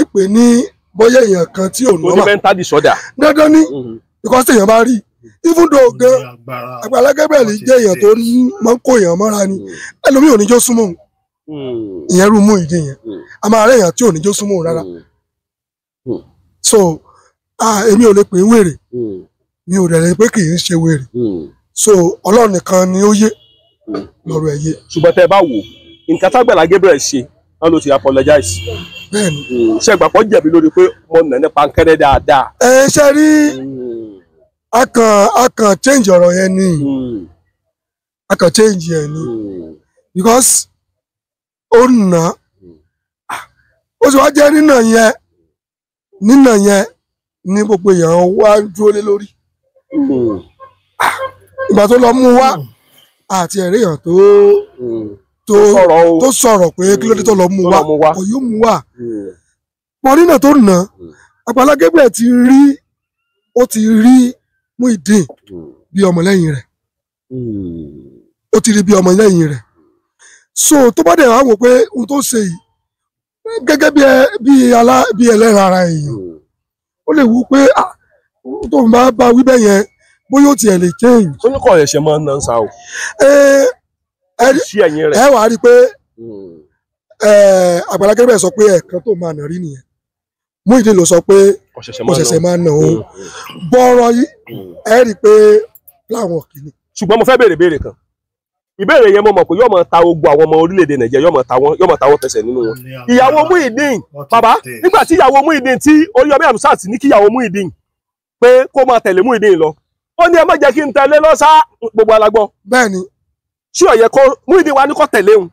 ìpè ní bóyá èèyàn kan tí ò nọ́mà. ó ní mental disorder. dandan ni mm-hmm. because èèyàn bá rí even though gan Agbala Gabriel jẹ́ èèyàn tó máa ń kó èèyàn mọ́ra ni mm. ẹlòmíì ò ní jó súnmọ́ òun mm. ìyẹn rú mú ìdí yẹn mm. a máa rẹ̀ èèyàn tí ò ní jó súnmọ́ òun rárá so èmi ò lè pè é wèrè mi ò rẹ̀ lè pé kì í ṣe wèrè so ọlọ́run nìkan ni ó yé lọ́rọ̀ ẹ̀ yé. ṣùgbọ́n tẹ́ ẹ bá wò nǹkan tí Agbala Gabriel ṣe náà ló ti apologize ṣe ìgbàpọ̀ jẹ̀bi lórí pé mo nà nípa nkẹ́rẹ́ dáadáa. ẹ ṣe rí hmm. a kàn a kàn change ọ̀rọ̀ yẹn ni hmm. a kàn change yẹn ni hmm. because ó nà ó sì wá jẹ́ nínà yẹn nínà yẹn ní gbogbo èèyàn wá dúró lé lórí ah, ìgbà tó lọ mú wá àti ẹ̀rí èèyàn tó. tó sọ̀rọ̀ pé kí ló dé hmm. tó lọ mú wa kò wa hmm. tó nà hmm. Àgbàlá ti rí ó ti rí Muyideen bí bi rẹ̀ ó ti rí bí rẹ̀ so tó bá dẹ̀ wá wò pé ohun tó ṣe yìí gẹ́gẹ́ bí ẹlẹ́ran ara èèyàn ó lè wú pé ah, tó ń bá bóyá ó tiẹ̀ lè change. ó ní ẹ wà á rí i pé hmm. Àgbàlá Gabriel sọ pé ẹ̀ẹ̀kan tó máa nà rí nìyẹn Muyideen ló sọ pé ọ̀ṣẹ̀ṣẹ̀ máa nà òun hmm. bọ́ọ̀rọ̀ yìí hmm. ẹ rí i pé láwọn kìíní. ṣùgbọ́n mo fẹ́ béèrè béèrè kan ìbéèrè yẹn mo mọ̀ pé yóò máa ta ogun àwọn ọmọ orílẹ̀-èdè nàìjíríà yóò máa ta wọn yóò máa ta wọn tẹsẹ̀ nínú wọn. ìyàwó Muyideen bàbá nígbà tí ìyàwó Muyideen tí Oríyọmí Hamzat ní kí ìyàwó Muyideen pé kó máa tẹ̀lé Muyideen lọ ó ní ẹ má jẹ́ kí n tẹ̀lé lọ́sà gbogbo alágbọ́. bẹ́ẹ̀ni ṣé ọ̀yẹ́ kó Muyideen wa ní kó tẹ̀lé òun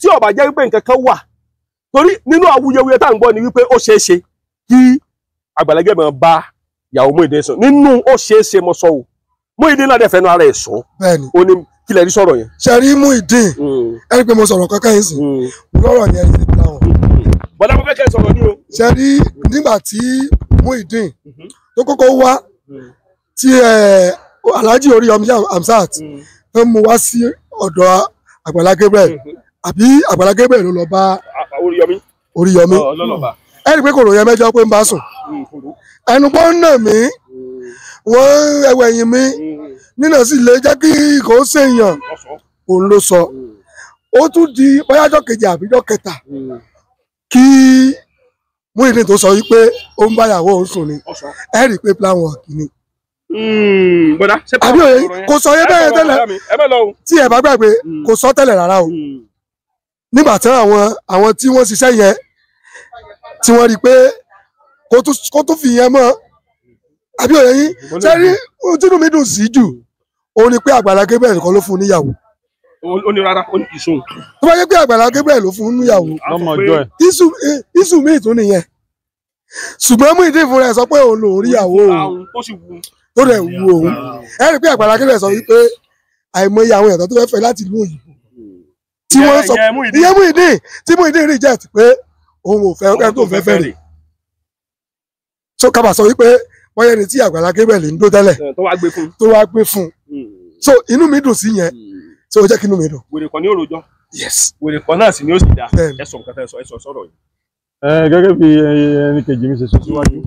tí ó bá jẹ́ wípé nǹkan kan wà torí nínú awuyewuye tá à ń gbọ́ ni wípé ó ṣeé ṣe kí Agbala Gabriel bá ìyàwó Muyideen sọ nínú ó ṣeé ṣe mo sọ o Muyideen náà dẹ̀ fẹ́nu ara ẹ̀ sọ ó ní kílẹ̀ rí sọ̀rọ̀ yẹn. sẹ́rí Muyideen hmm. ẹ rí pé mo sọ̀rọ̀ kankan yìí sí hmm. lọ́rọ̀ yẹn ti bá wọn. Hmm. bọ́dá mo fẹ́ kẹ́ sọ̀rọ̀ ní o. sẹ́rí nígbà tí Muyideen tó kọ́kọ́ wá tí eh, Alhaji Oríyọmí Hamzat tó mú wá sí ọ̀dọ̀ àgbàlá Gabriel mm-hmm. àbí àgbàlá Gabriel ló lọ bá Oríyọmí Oríyọmí ẹni pé kòròyìn ẹmẹjọ pé ń bá sùn mm-hmm. ẹnu bọ́ ń nà mí mm-hmm. wọ́n ẹwẹ̀ ẹ̀yìn mi nínà sì lè jẹ́ kí kò ṣèyàn òun ló sọ ó tún di báyájọ́ kejì àbíjọ́ kẹta kí Muyideen tó sọ wípé ó ń báyàwó òun sùn ni ẹ rí i pé plan work ni. Hmm, bọ́dá ṣé pàápàá òye kò sọ yé bẹ́ẹ̀ tẹ́lẹ̀ tí ẹ bá gbàgbé kò sọ tẹ́lẹ̀ rárá o hmm. nígbà tí àwọn àwọn tí wọ́n ṣiṣẹ́ yẹn tí wọ́n rí i pé kó tún fi yẹn mọ́ àbí òye yín ṣé rí tínú mi dùn sí jù òun ni pé àgbàlá Gabriel kan ló fún un níyàwó. ó ní rárá ó ní ìṣòwò. tó bá yẹ pé àgbàlá Gabriel ló fún un níyàwó ìṣù e, mi ìtún nìyẹn ṣùgbọ́n mú ìdí ìfúnra ẹ̀ sọ pé òun lòún ríyàwó tó rẹ̀ wu òun ẹ rí i pé Àgbàlá Gabriel sọ wípé àìmọye àwọn èèyàn tó fẹ́ fẹ́ láti ìlú òyìnbó tí wọ́n sọ ìyẹn mú ìdí tí mú ìdí reject pé òun ò fẹ́ ẹni tó fẹ́ fẹ́ rè so kábà sọ wípé wọ́n yẹn ni tí Àgbàlá Gabriel ń dó tẹ́lẹ̀ tó wá gbé fún hmm. so inú mi dùn sí yẹn hmm. so ó jẹ́ kí inú mi dùn. wèrè kan ní òròjọ́ wèrè kan náà sì ni ó sì dá ẹ̀sùn kẹta ẹ̀sọ̀ sọ̀rọ̀ yìí. gẹ́gẹ́ bí ẹnì mi ṣe sọ síwájú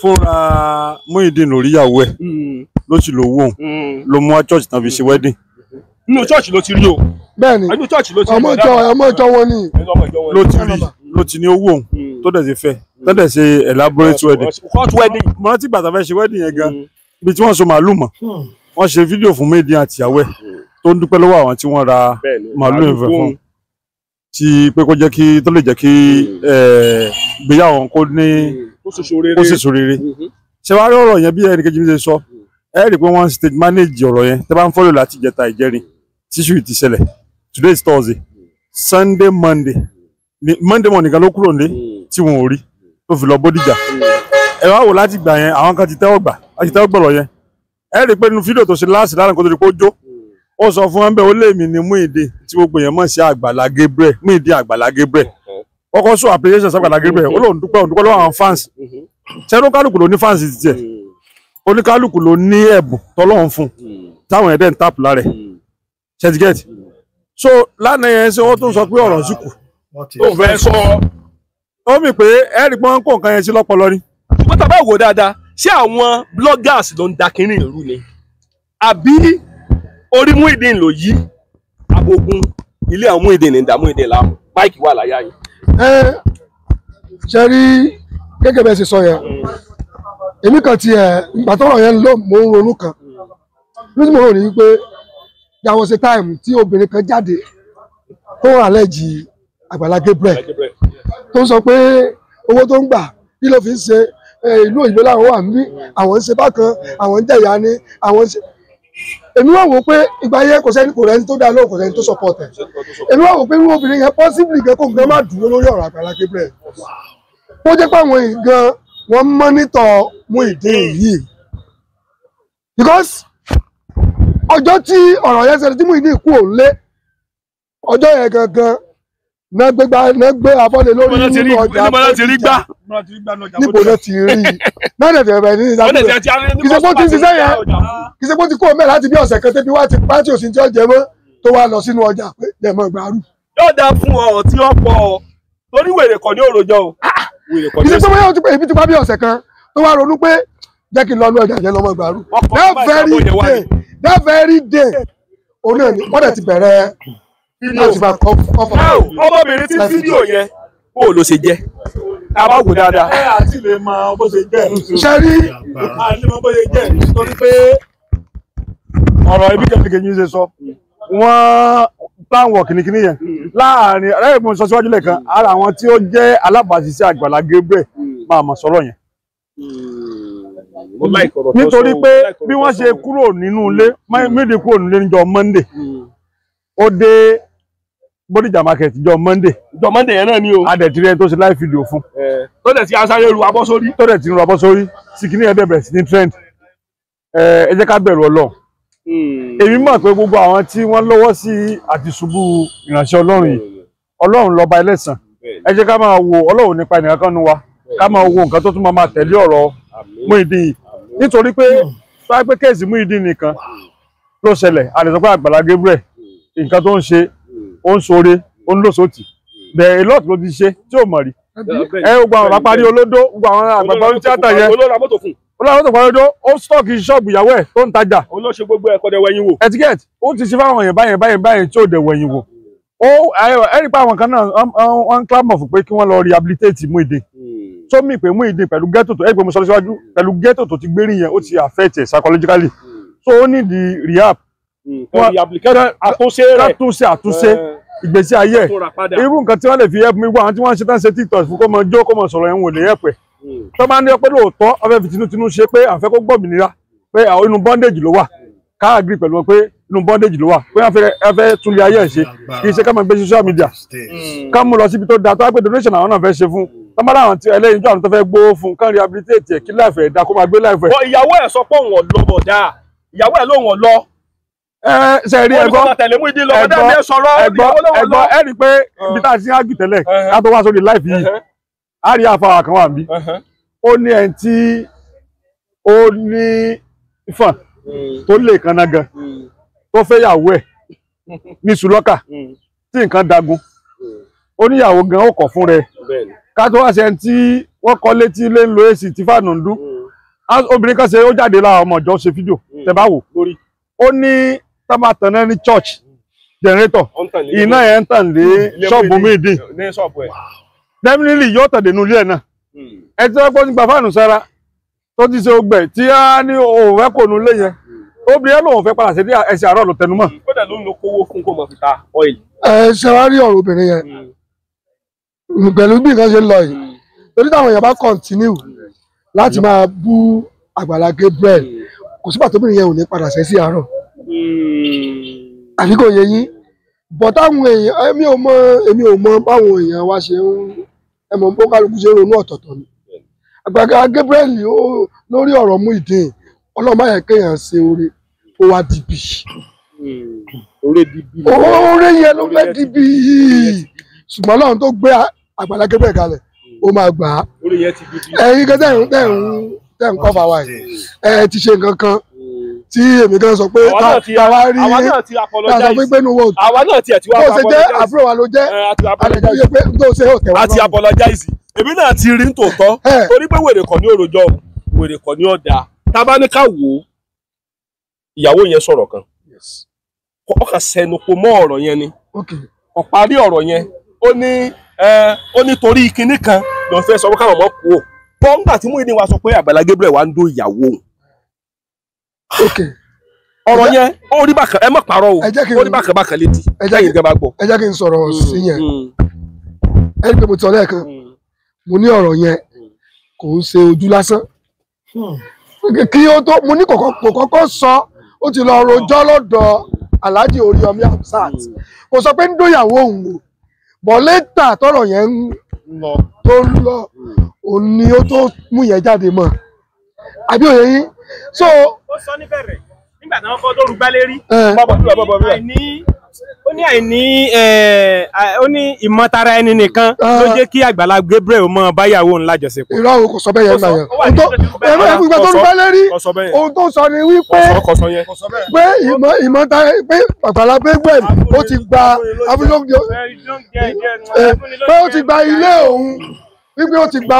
fúnra Muyideen lórí ìyàwó ẹ̀ hmm. ló sì lówó òun hmm. ló mú wá church tán fi ṣe hmm. wedding inú church ló ti rí o. bẹ́ẹ̀ni ọmọ ìjọ ọmọ ìjọ wọn ni. ló ti rí ló ti ní owó òun tó dẹ̀ ti fẹ́ tó dẹ̀ ṣe elaborate wedding. court wedding. mo rántí gbàtà fẹ́ ṣe wedding yẹn gan bí tí wọ́n so màálù mọ̀ wọ́n ṣe fídíò fún Muyideen àti ìyàwó ẹ̀ tó ń dúpẹ́ lọ́wọ́ àwọn tí wọ́n ra màálù yẹn fún ti pé kó jẹ́ kí tó lè jẹ́ kí eh, ìgbéyàwó kó ní ó sì ṣòrere ṣe mm-hmm. wá rí ọ̀rọ̀ yẹn bí ẹnì kejì mi ṣe sọ mm-hmm. ẹ rí i pé wọ́n ń manage ọ̀rọ̀ yẹn tẹ́ bá ń fọ́lọ̀ láti ìjẹta ìjẹrin tíṣù ti ṣẹlẹ̀ today is Thursday mm-hmm. Sunday Monday Monday morning kan ló kúrò nílé tí wọn ò rí tó fi lọ Bódìjà ẹ wá wò láti gbà yẹn àwọn kan ti tẹ́wọ́ gbà láti tẹ́wọ́ gbọ̀rọ̀ yẹn ẹ rí i pé nínú fídíò tó ṣe láàṣì lára nǹkan tó di pé ó jó ó sọ fún wọn bẹ́ẹ̀ ó lé mi ní Muyideen tí gbogbo yẹn mọ̀ sí Àgbàlá Gabriel Muyideen Àgbàlá Gabriel ọkọ sọ appreciation Saheed Alagere bẹ́ẹ̀ olóhùn mm-hmm. dúpẹ́ òun dúpẹ́ lọ́wọ́ àwọn fans mm-hmm. ṣẹ́nu kálukú ló ní fans ti mm-hmm. oníkálukú ló ní ẹ̀bùn tọ́lọ́hún fún táwọn ẹ̀dẹ̀ ń tap lára ẹ̀ so lánàá yẹn ṣe wọ́n tó ń sọ pé ọ̀rọ̀ zùkù tó fẹ́ sọ ó mì pé ẹ̀rì pọ́n kó nǹkan yẹn sí lọ́pọlọ ni. ṣùgbọ́n tá a bá wò dáadáa ṣé àwọn bloggers ló ń da kínní ìlú ni àbí orí Muyideen ló yí abogun ilé àwọn Muyideen ní ìdààmú ìdè làwọn máìkì wà láyà yìí ẹ ṣe rí gẹ́gẹ́ bẹ́ẹ̀ ṣe sọ yẹn èmi kan tiẹ̀ ìgbà tọ́rọ̀ yẹn lọ mò ń ronú kan ní tí mo rò ní pé there was a time tí obìnrin kan jáde tó wà lẹ́jì Àgbàlá Gabriel tó sọ pé owó tó ń gbà kí ló fi ń ṣe ìlú òyìnbó làwọn wà ń bí mm. àwọn ń ṣe bákan àwọn ń jẹ̀yà ni àwọn ń ṣe èmi wà wò pé ìgbà yẹn kò sẹ́ni kò rẹ́ni tó dá lóhùn kò sẹ́ni tó support èmi wà wò pé irú obìnrin yẹn possibly gan kó gan má dúró lórí ọ̀rọ̀ Àgbàlá Gabriel kó jẹ́ pé àwọn gan wọ́n mọ́nítọ̀ Muyideen yìí because ọjọ́ tí ọ̀rọ̀ yẹn ṣẹlẹ̀ tí Muyideen kú òun lé ọjọ́ yẹn gangan nẹgbẹgbà nẹgbẹ afọlẹ lórí nínú ọjà níbo náà ti rí gbà níbo náà ti rí náà nẹ̀tẹ̀ bẹ̀rẹ̀ ní ìdájọ́ ìṣèpọ̀ ti ṣiṣẹ́ yẹn ìṣèpọ̀ ti kó o mẹ́ láti bí ọ̀sẹ̀ kan tẹ́bí wá ti pátí òsì tí ó jẹ mọ́ tó wá lọ sínú ọjà pé dẹ̀mọ́ ìgbàrú. yóò dáa fún ọ tí ó pọ̀ ọ torí wèrè kọ́ ní òròjọ́ o. ìṣèpọ̀ ah, ah. bóyá o ti pé ibi ti pa bí ọ̀sẹ̀ kan tó wá ronú pé jẹ́ kí n lọ inú ọjà jẹ́ lọ́mọ ìgbàrú. that very day that very day òun náà ni wọ́n dẹ̀ ti bẹ̀rẹ̀ láti máa kọ́ fọ́fọ́. ọmọbìnrin tí fídíò yẹn bó ló ṣe jẹ́ àbá wò dáadáa. ẹ àti lè mọ bó ṣe jẹ́. sẹ́rí àti mọ bó ṣe jẹ́ nítorí pé ọ̀rọ̀ ibi kẹ́kẹ́ yín ṣe sọ wọ́n táwọn kìnnìkìnnì yẹn láàrin ẹ̀rẹ́ mo sọ síwájú lẹ́ẹ̀kan ara àwọn tí ó jẹ́ alábàáṣiṣẹ́ Àgbàlá Gabriel máa mọ̀ sọ̀rọ̀ yẹn hmm, nítorí pé bí wọ́n ṣe kúrò nínú ilé méjì kúrò nínú ilé níjọ́ Monday hmm. ó dé Bódìjà market jọ Monday. jọ Monday yẹn náà ni o. a dẹ̀ ti rí ẹni tó ṣe live video fún. tó dẹ̀ ti asáré ru abọ́ sórí. tó dẹ̀ ti ru abọ́ sórí sikini yẹn bẹ̀rẹ̀ sí ní trend ẹ jẹ́ ká bẹ̀rù Ọlọ́run. Hmm. èmi mọ̀ pé gbogbo àwọn tí wọ́n lọ́wọ́ sí àti ṣubú ìránṣẹ́ Ọlọ́run yìí Ọlọ́run lọ́ba ẹlẹ́sàn ẹ jẹ́ ká máa wo Ọlọ́run nípa ẹnìkan kan nu wa ká máa wo nǹkan tó tún máa tẹ̀lé ọ̀rọ̀ Muyideen yìí nítorí pé tó wáá pé kéèsì Muyideen nìkan ló ṣẹlẹ̀ àlẹ́ sọ hmm. nǹkan tó ń ṣe ó ń ṣoore ó ń lòsòtì bẹ́ẹ̀ lọ́ọ̀tì ló ti ṣe tí ò mọ̀ rí ẹ gbogbo àwọn àpárí olódó gbogbo àwọn àgbàgbà orí tíátà yẹn olóra mọ́tò fún olódó ó stọ́ọ̀kì ṣọ́ọ̀bù ìyàwó ẹ̀ tó ń tajà olóṣè gbogbo ẹ̀ kọ́dẹ̀ wẹ̀yìn wò etiquette ó ti ṣe fáwọn èèyàn báyẹn báyẹn báyẹn tí ò dẹ̀ wẹ̀yìn wò ó ẹ̀rí pa àwọn kan náà wọ́n ń clamor fún pé kí wọ́n lọ rehabilitate Muyideen hmm. tó mì pé Muyideen pẹ̀lú ghetto tó ẹ̀ pé mo sọ síwájú pẹ̀lú ghetto tó ti gbérí yẹn ó ti affect psychologically hmm. so ó ní di rehab Mm. àtúnṣe àtúnṣe ìgbésí ayé irú nǹkan tí wọ́n lè fi help mi wá àwọn tí wọ́n ń ṣe tán ṣe tiktok fún kó mọ jó kó mọ sọ̀rọ̀ ẹ̀hún ò lè help ẹ̀ mm. tó bá ní ọ pé lóòótọ́ ọfẹ́ fi tinútinú ṣe pé àfẹ́ kó gbòmìnira pé inú bondage ló wà ká agree pẹ̀lú wọn pé inú bondage ló wà pé wọ́n fẹ́ tún lè ayé ẹ̀ ṣe kì í ṣe ká máa gbé social media mm. ká mú lọ síbi tó da tó wá pé donation àwọn náà fẹ́ ṣe fún tọ́mọ́dá àwọn tí ẹlẹ́yinjú àwọn tó fẹ́ gbówó fún kán rehabilitate ẹ̀ kí láìfẹ́ ẹ̀dá kó máa gbé láìfẹ́. ìyàwó ẹ̀ sọ pé òun ò lọ bọ̀dá ìyàwó ẹ̀ lóun ò lọ sẹ́ẹ̀rí ẹ̀gbọ́ ẹ̀gbọ́ ẹ̀gbọ́ ẹ̀ rí pé bí tá a ti ń ágì tẹ́lẹ̀ ká tó wá sórí láìpì yìí a rí àfàwà kan wà níbí ó ní ẹni tí ó ní fàn hmm. tó lè kanna gan hmm. tó fẹ́ yàwó ẹ̀ ní sùlọ́kà hmm. tí nǹkan dagun ó níyàwó gan ó kọ̀ fún rẹ̀ ká tó wá ṣe ẹni tí wọ́n kọ́ létí lé ń lo èsì tí fàánù ń dún obìnrin kan ṣe ó jáde lára ọmọ ìjọ ṣe fídíò tẹ bá wò ó ní tá bá tàn náà ní church generator iná yẹn ń tàn lé ṣọ́ọ̀bù mídìn definitely yóò tàn dénú ilé ẹ̀ náà hmm. ẹ ti rẹ́pọ̀ nípa fáànù sára tó ti ṣe ogbẹ̀ tí a ní òun fẹ́ kò nu ilé yẹn hmm. obìnrin ẹ lòun fẹ́ padà sí ẹsẹ̀ àárọ̀ ló tẹnu mọ́. kódà hmm. ló ń lo kówó fún kó mọ̀ fi ta oil. ẹ ṣe wá rí ọ̀rọ̀ obìnrin yẹn pẹ̀lú bí nǹkan ṣe ń lọ yìí torí táwọn èèyàn bá continue láti máa bú Àgbàlá Gabriel kò sígbà tóbìnrin yẹn ò ní padà sẹ́sí àárọ̀. Hmm. àbí kò yẹ yín bọ̀ táwọn èèyàn èmi eh, ò mọ èmi ò mọ báwọn èèyàn wa ṣe ń ẹmọ bó kálukú ṣe ronú ọ̀tọ̀ọ̀tọ̀ ni àgbàgbà Gabriel lórí ọ̀rọ̀ Muyideen ọlọ́mọ yẹn kéèyàn ṣe oore ó wá dìbì hmm. oore yẹn ló fẹ́ dìbì ṣùgbọ́n Ọlọ́run tó gbé Àgbàlá Gabriel kalẹ̀ ó máa gbà á ẹ̀yin kan tẹ̀ ń tẹ̀ ń kọ́ fà wá yìí hmm. ẹ ti ṣe nǹkan kan tí èmi kan sọ pé táwa rí táwa pé pẹ́nu wọ́ọ̀dù àwa náà tiẹ̀ ti wá apologize tó ṣe jẹ́ àbúrò wa ló jẹ́ àlejò yẹ pé tó ṣe òtẹ̀ wa. àti apologize èmi náà ti rí tòótọ́ torí pé wèrè kọ́ ní òròjọ́ wèrè kọ́ ní ọ̀dà tábà ní ká wò ó ìyàwó yẹn sọ̀rọ̀ kan ọkà sẹnupọ̀ mọ́ ọ̀rọ̀ yẹn ni ọ̀parí ọ̀rọ̀ yẹn ó ní torí kinní kan lọ́n sọ pé káwọn ọmọ kú ò pọ́ńgbà tí mú ìdí wa sọ pé Àgbàlá Gabriel wa ń dó ìyàwó òun ọ̀rọ̀ yẹn ó rí bákan ẹ mọ̀ pàrọ̀ o ó rí bákan bákan létí ẹ̀yìn gan bá gbọ́. ẹ jẹ́ kí n sọ̀rọ̀ mm, sí yẹn mm. ẹ rí i pé mo ti sọ lẹ́ẹ̀kan mm. mo ní ọ̀rọ̀ yẹn kò ń ṣe ojú lásán hmm. kí ó tó mo ní kò sọ ó ti lọ rojọ́ lọ́dọ̀ Alhaji Oríyọmí Hamzat kò sọ pé ń dóyàwó òun o bọ̀ létà tọ̀rọ̀ yẹn ń tó ń lọ òun ni ó tó mú yẹn jáde mọ́ àbí òye yín so ó sọ níbẹ̀rẹ̀ nígbà tí wọ́n kọ́ tó rúgbá lérí ó ní àìní ó ní ìmọ̀tara ẹni nìkan ló jẹ́ kí Àgbàlá Gabriel mọ báyàwó ńlá jọ̀sẹ̀pọ̀. irọ́ o kò sọ bẹ́ẹ̀ yẹn náà yẹn ẹ̀rọ ẹ̀fún ìgbà tó ń bá lérí ohun tó sọ ni wípé pé ìmọ̀tara pé Àgbàlá Gabriel ó ti gba abúlóńgbò pé ó ti gba ilé òun wípé ó ti gba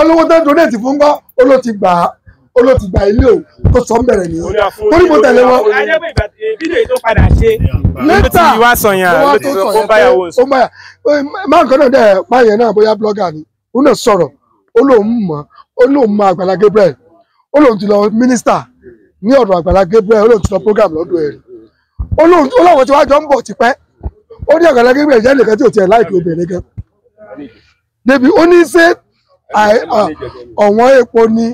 olówó tó donate fún gbọ́ ó ló ti gbà á olóòtú gba ilé o tó sọ ń bẹ̀rẹ̀ nìyẹn torí mo tẹ̀lé wọn. bídè tó padà ṣe. lẹ́tà ló wá sọ yẹn ló ti sọ kó máa nǹkan náà dẹ̀ páyẹn náà bóyá blọ́gà ni òun náà sọ̀rọ̀ ó mọ̀ ó lóun Àgbàlá Gabriel ó lóun ti lọ mínísítà ní ọ̀dọ̀ Àgbàlá Gabriel ó lóun ti lọ program lọ́dọ̀ ẹ̀ ó lóun tí wàá jọ ń bọ̀ tipẹ́ ó ní Àgbàlá Gabriel jẹ́ nìkan tí ò tiẹ̀ láìpẹ́ obìnrin gan débi ó ní ṣe ọ̀wọ́n epo ni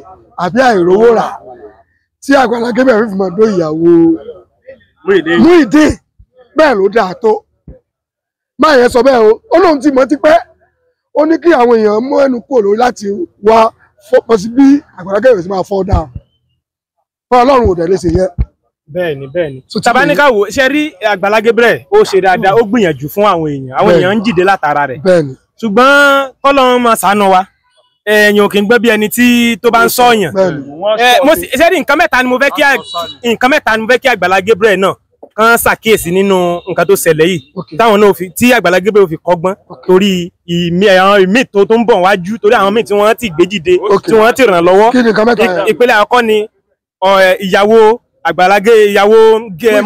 àbí àìrówó rà tí Agbala Gabriel fi máa dó ìyàwó Muyideen bẹ́ẹ̀ ló dáa tó má yẹn sọ bẹ́ẹ̀ o ó lóun ti mọ̀ tipẹ́ ó ní kí àwọn èèyàn mú ẹnu kúrò lórí láti wá fọ́pọ̀ sí bí Agbala Gabriel ti máa fọ́ dáa fún Ọlọ́run ò lè ṣe yẹn bẹ́ẹ̀ni bẹ́ẹ̀ni tabanikawo ṣe rí Agbala Gabriel ó ṣe dáadáa ó gbìyànjú fún àwọn èèyàn àwọn èèyàn ń jìde látara rẹ̀ ṣùgbọ́n kọlọrun máa ṣàánú wa ẹ̀yìn eh, òkè ń gbẹ́ bí ẹni tí tó bá ń sọ̀yàn eh, ṣé ní nǹkan mẹ́ta ni mo fẹ́ kí nǹkan mẹ́ta ni mo fẹ́ kí Àgbàlá Gabriel náà kan ṣàkíyèsí nínú nǹkan tó ṣẹlẹ̀ yìí táwọn náà tí Àgbàlá Gabriel fi kọ́gbọ́n torí ìmí àwọn ìmí tó tó ń bọ̀ wájú torí àwọn míì tí wọ́n ti gbéjìde tí wọ́n ti ràn lọ́wọ́ ìpele àkọ́kọ́ ni ìyàwó Àgbàlá Gabriel ìyàwó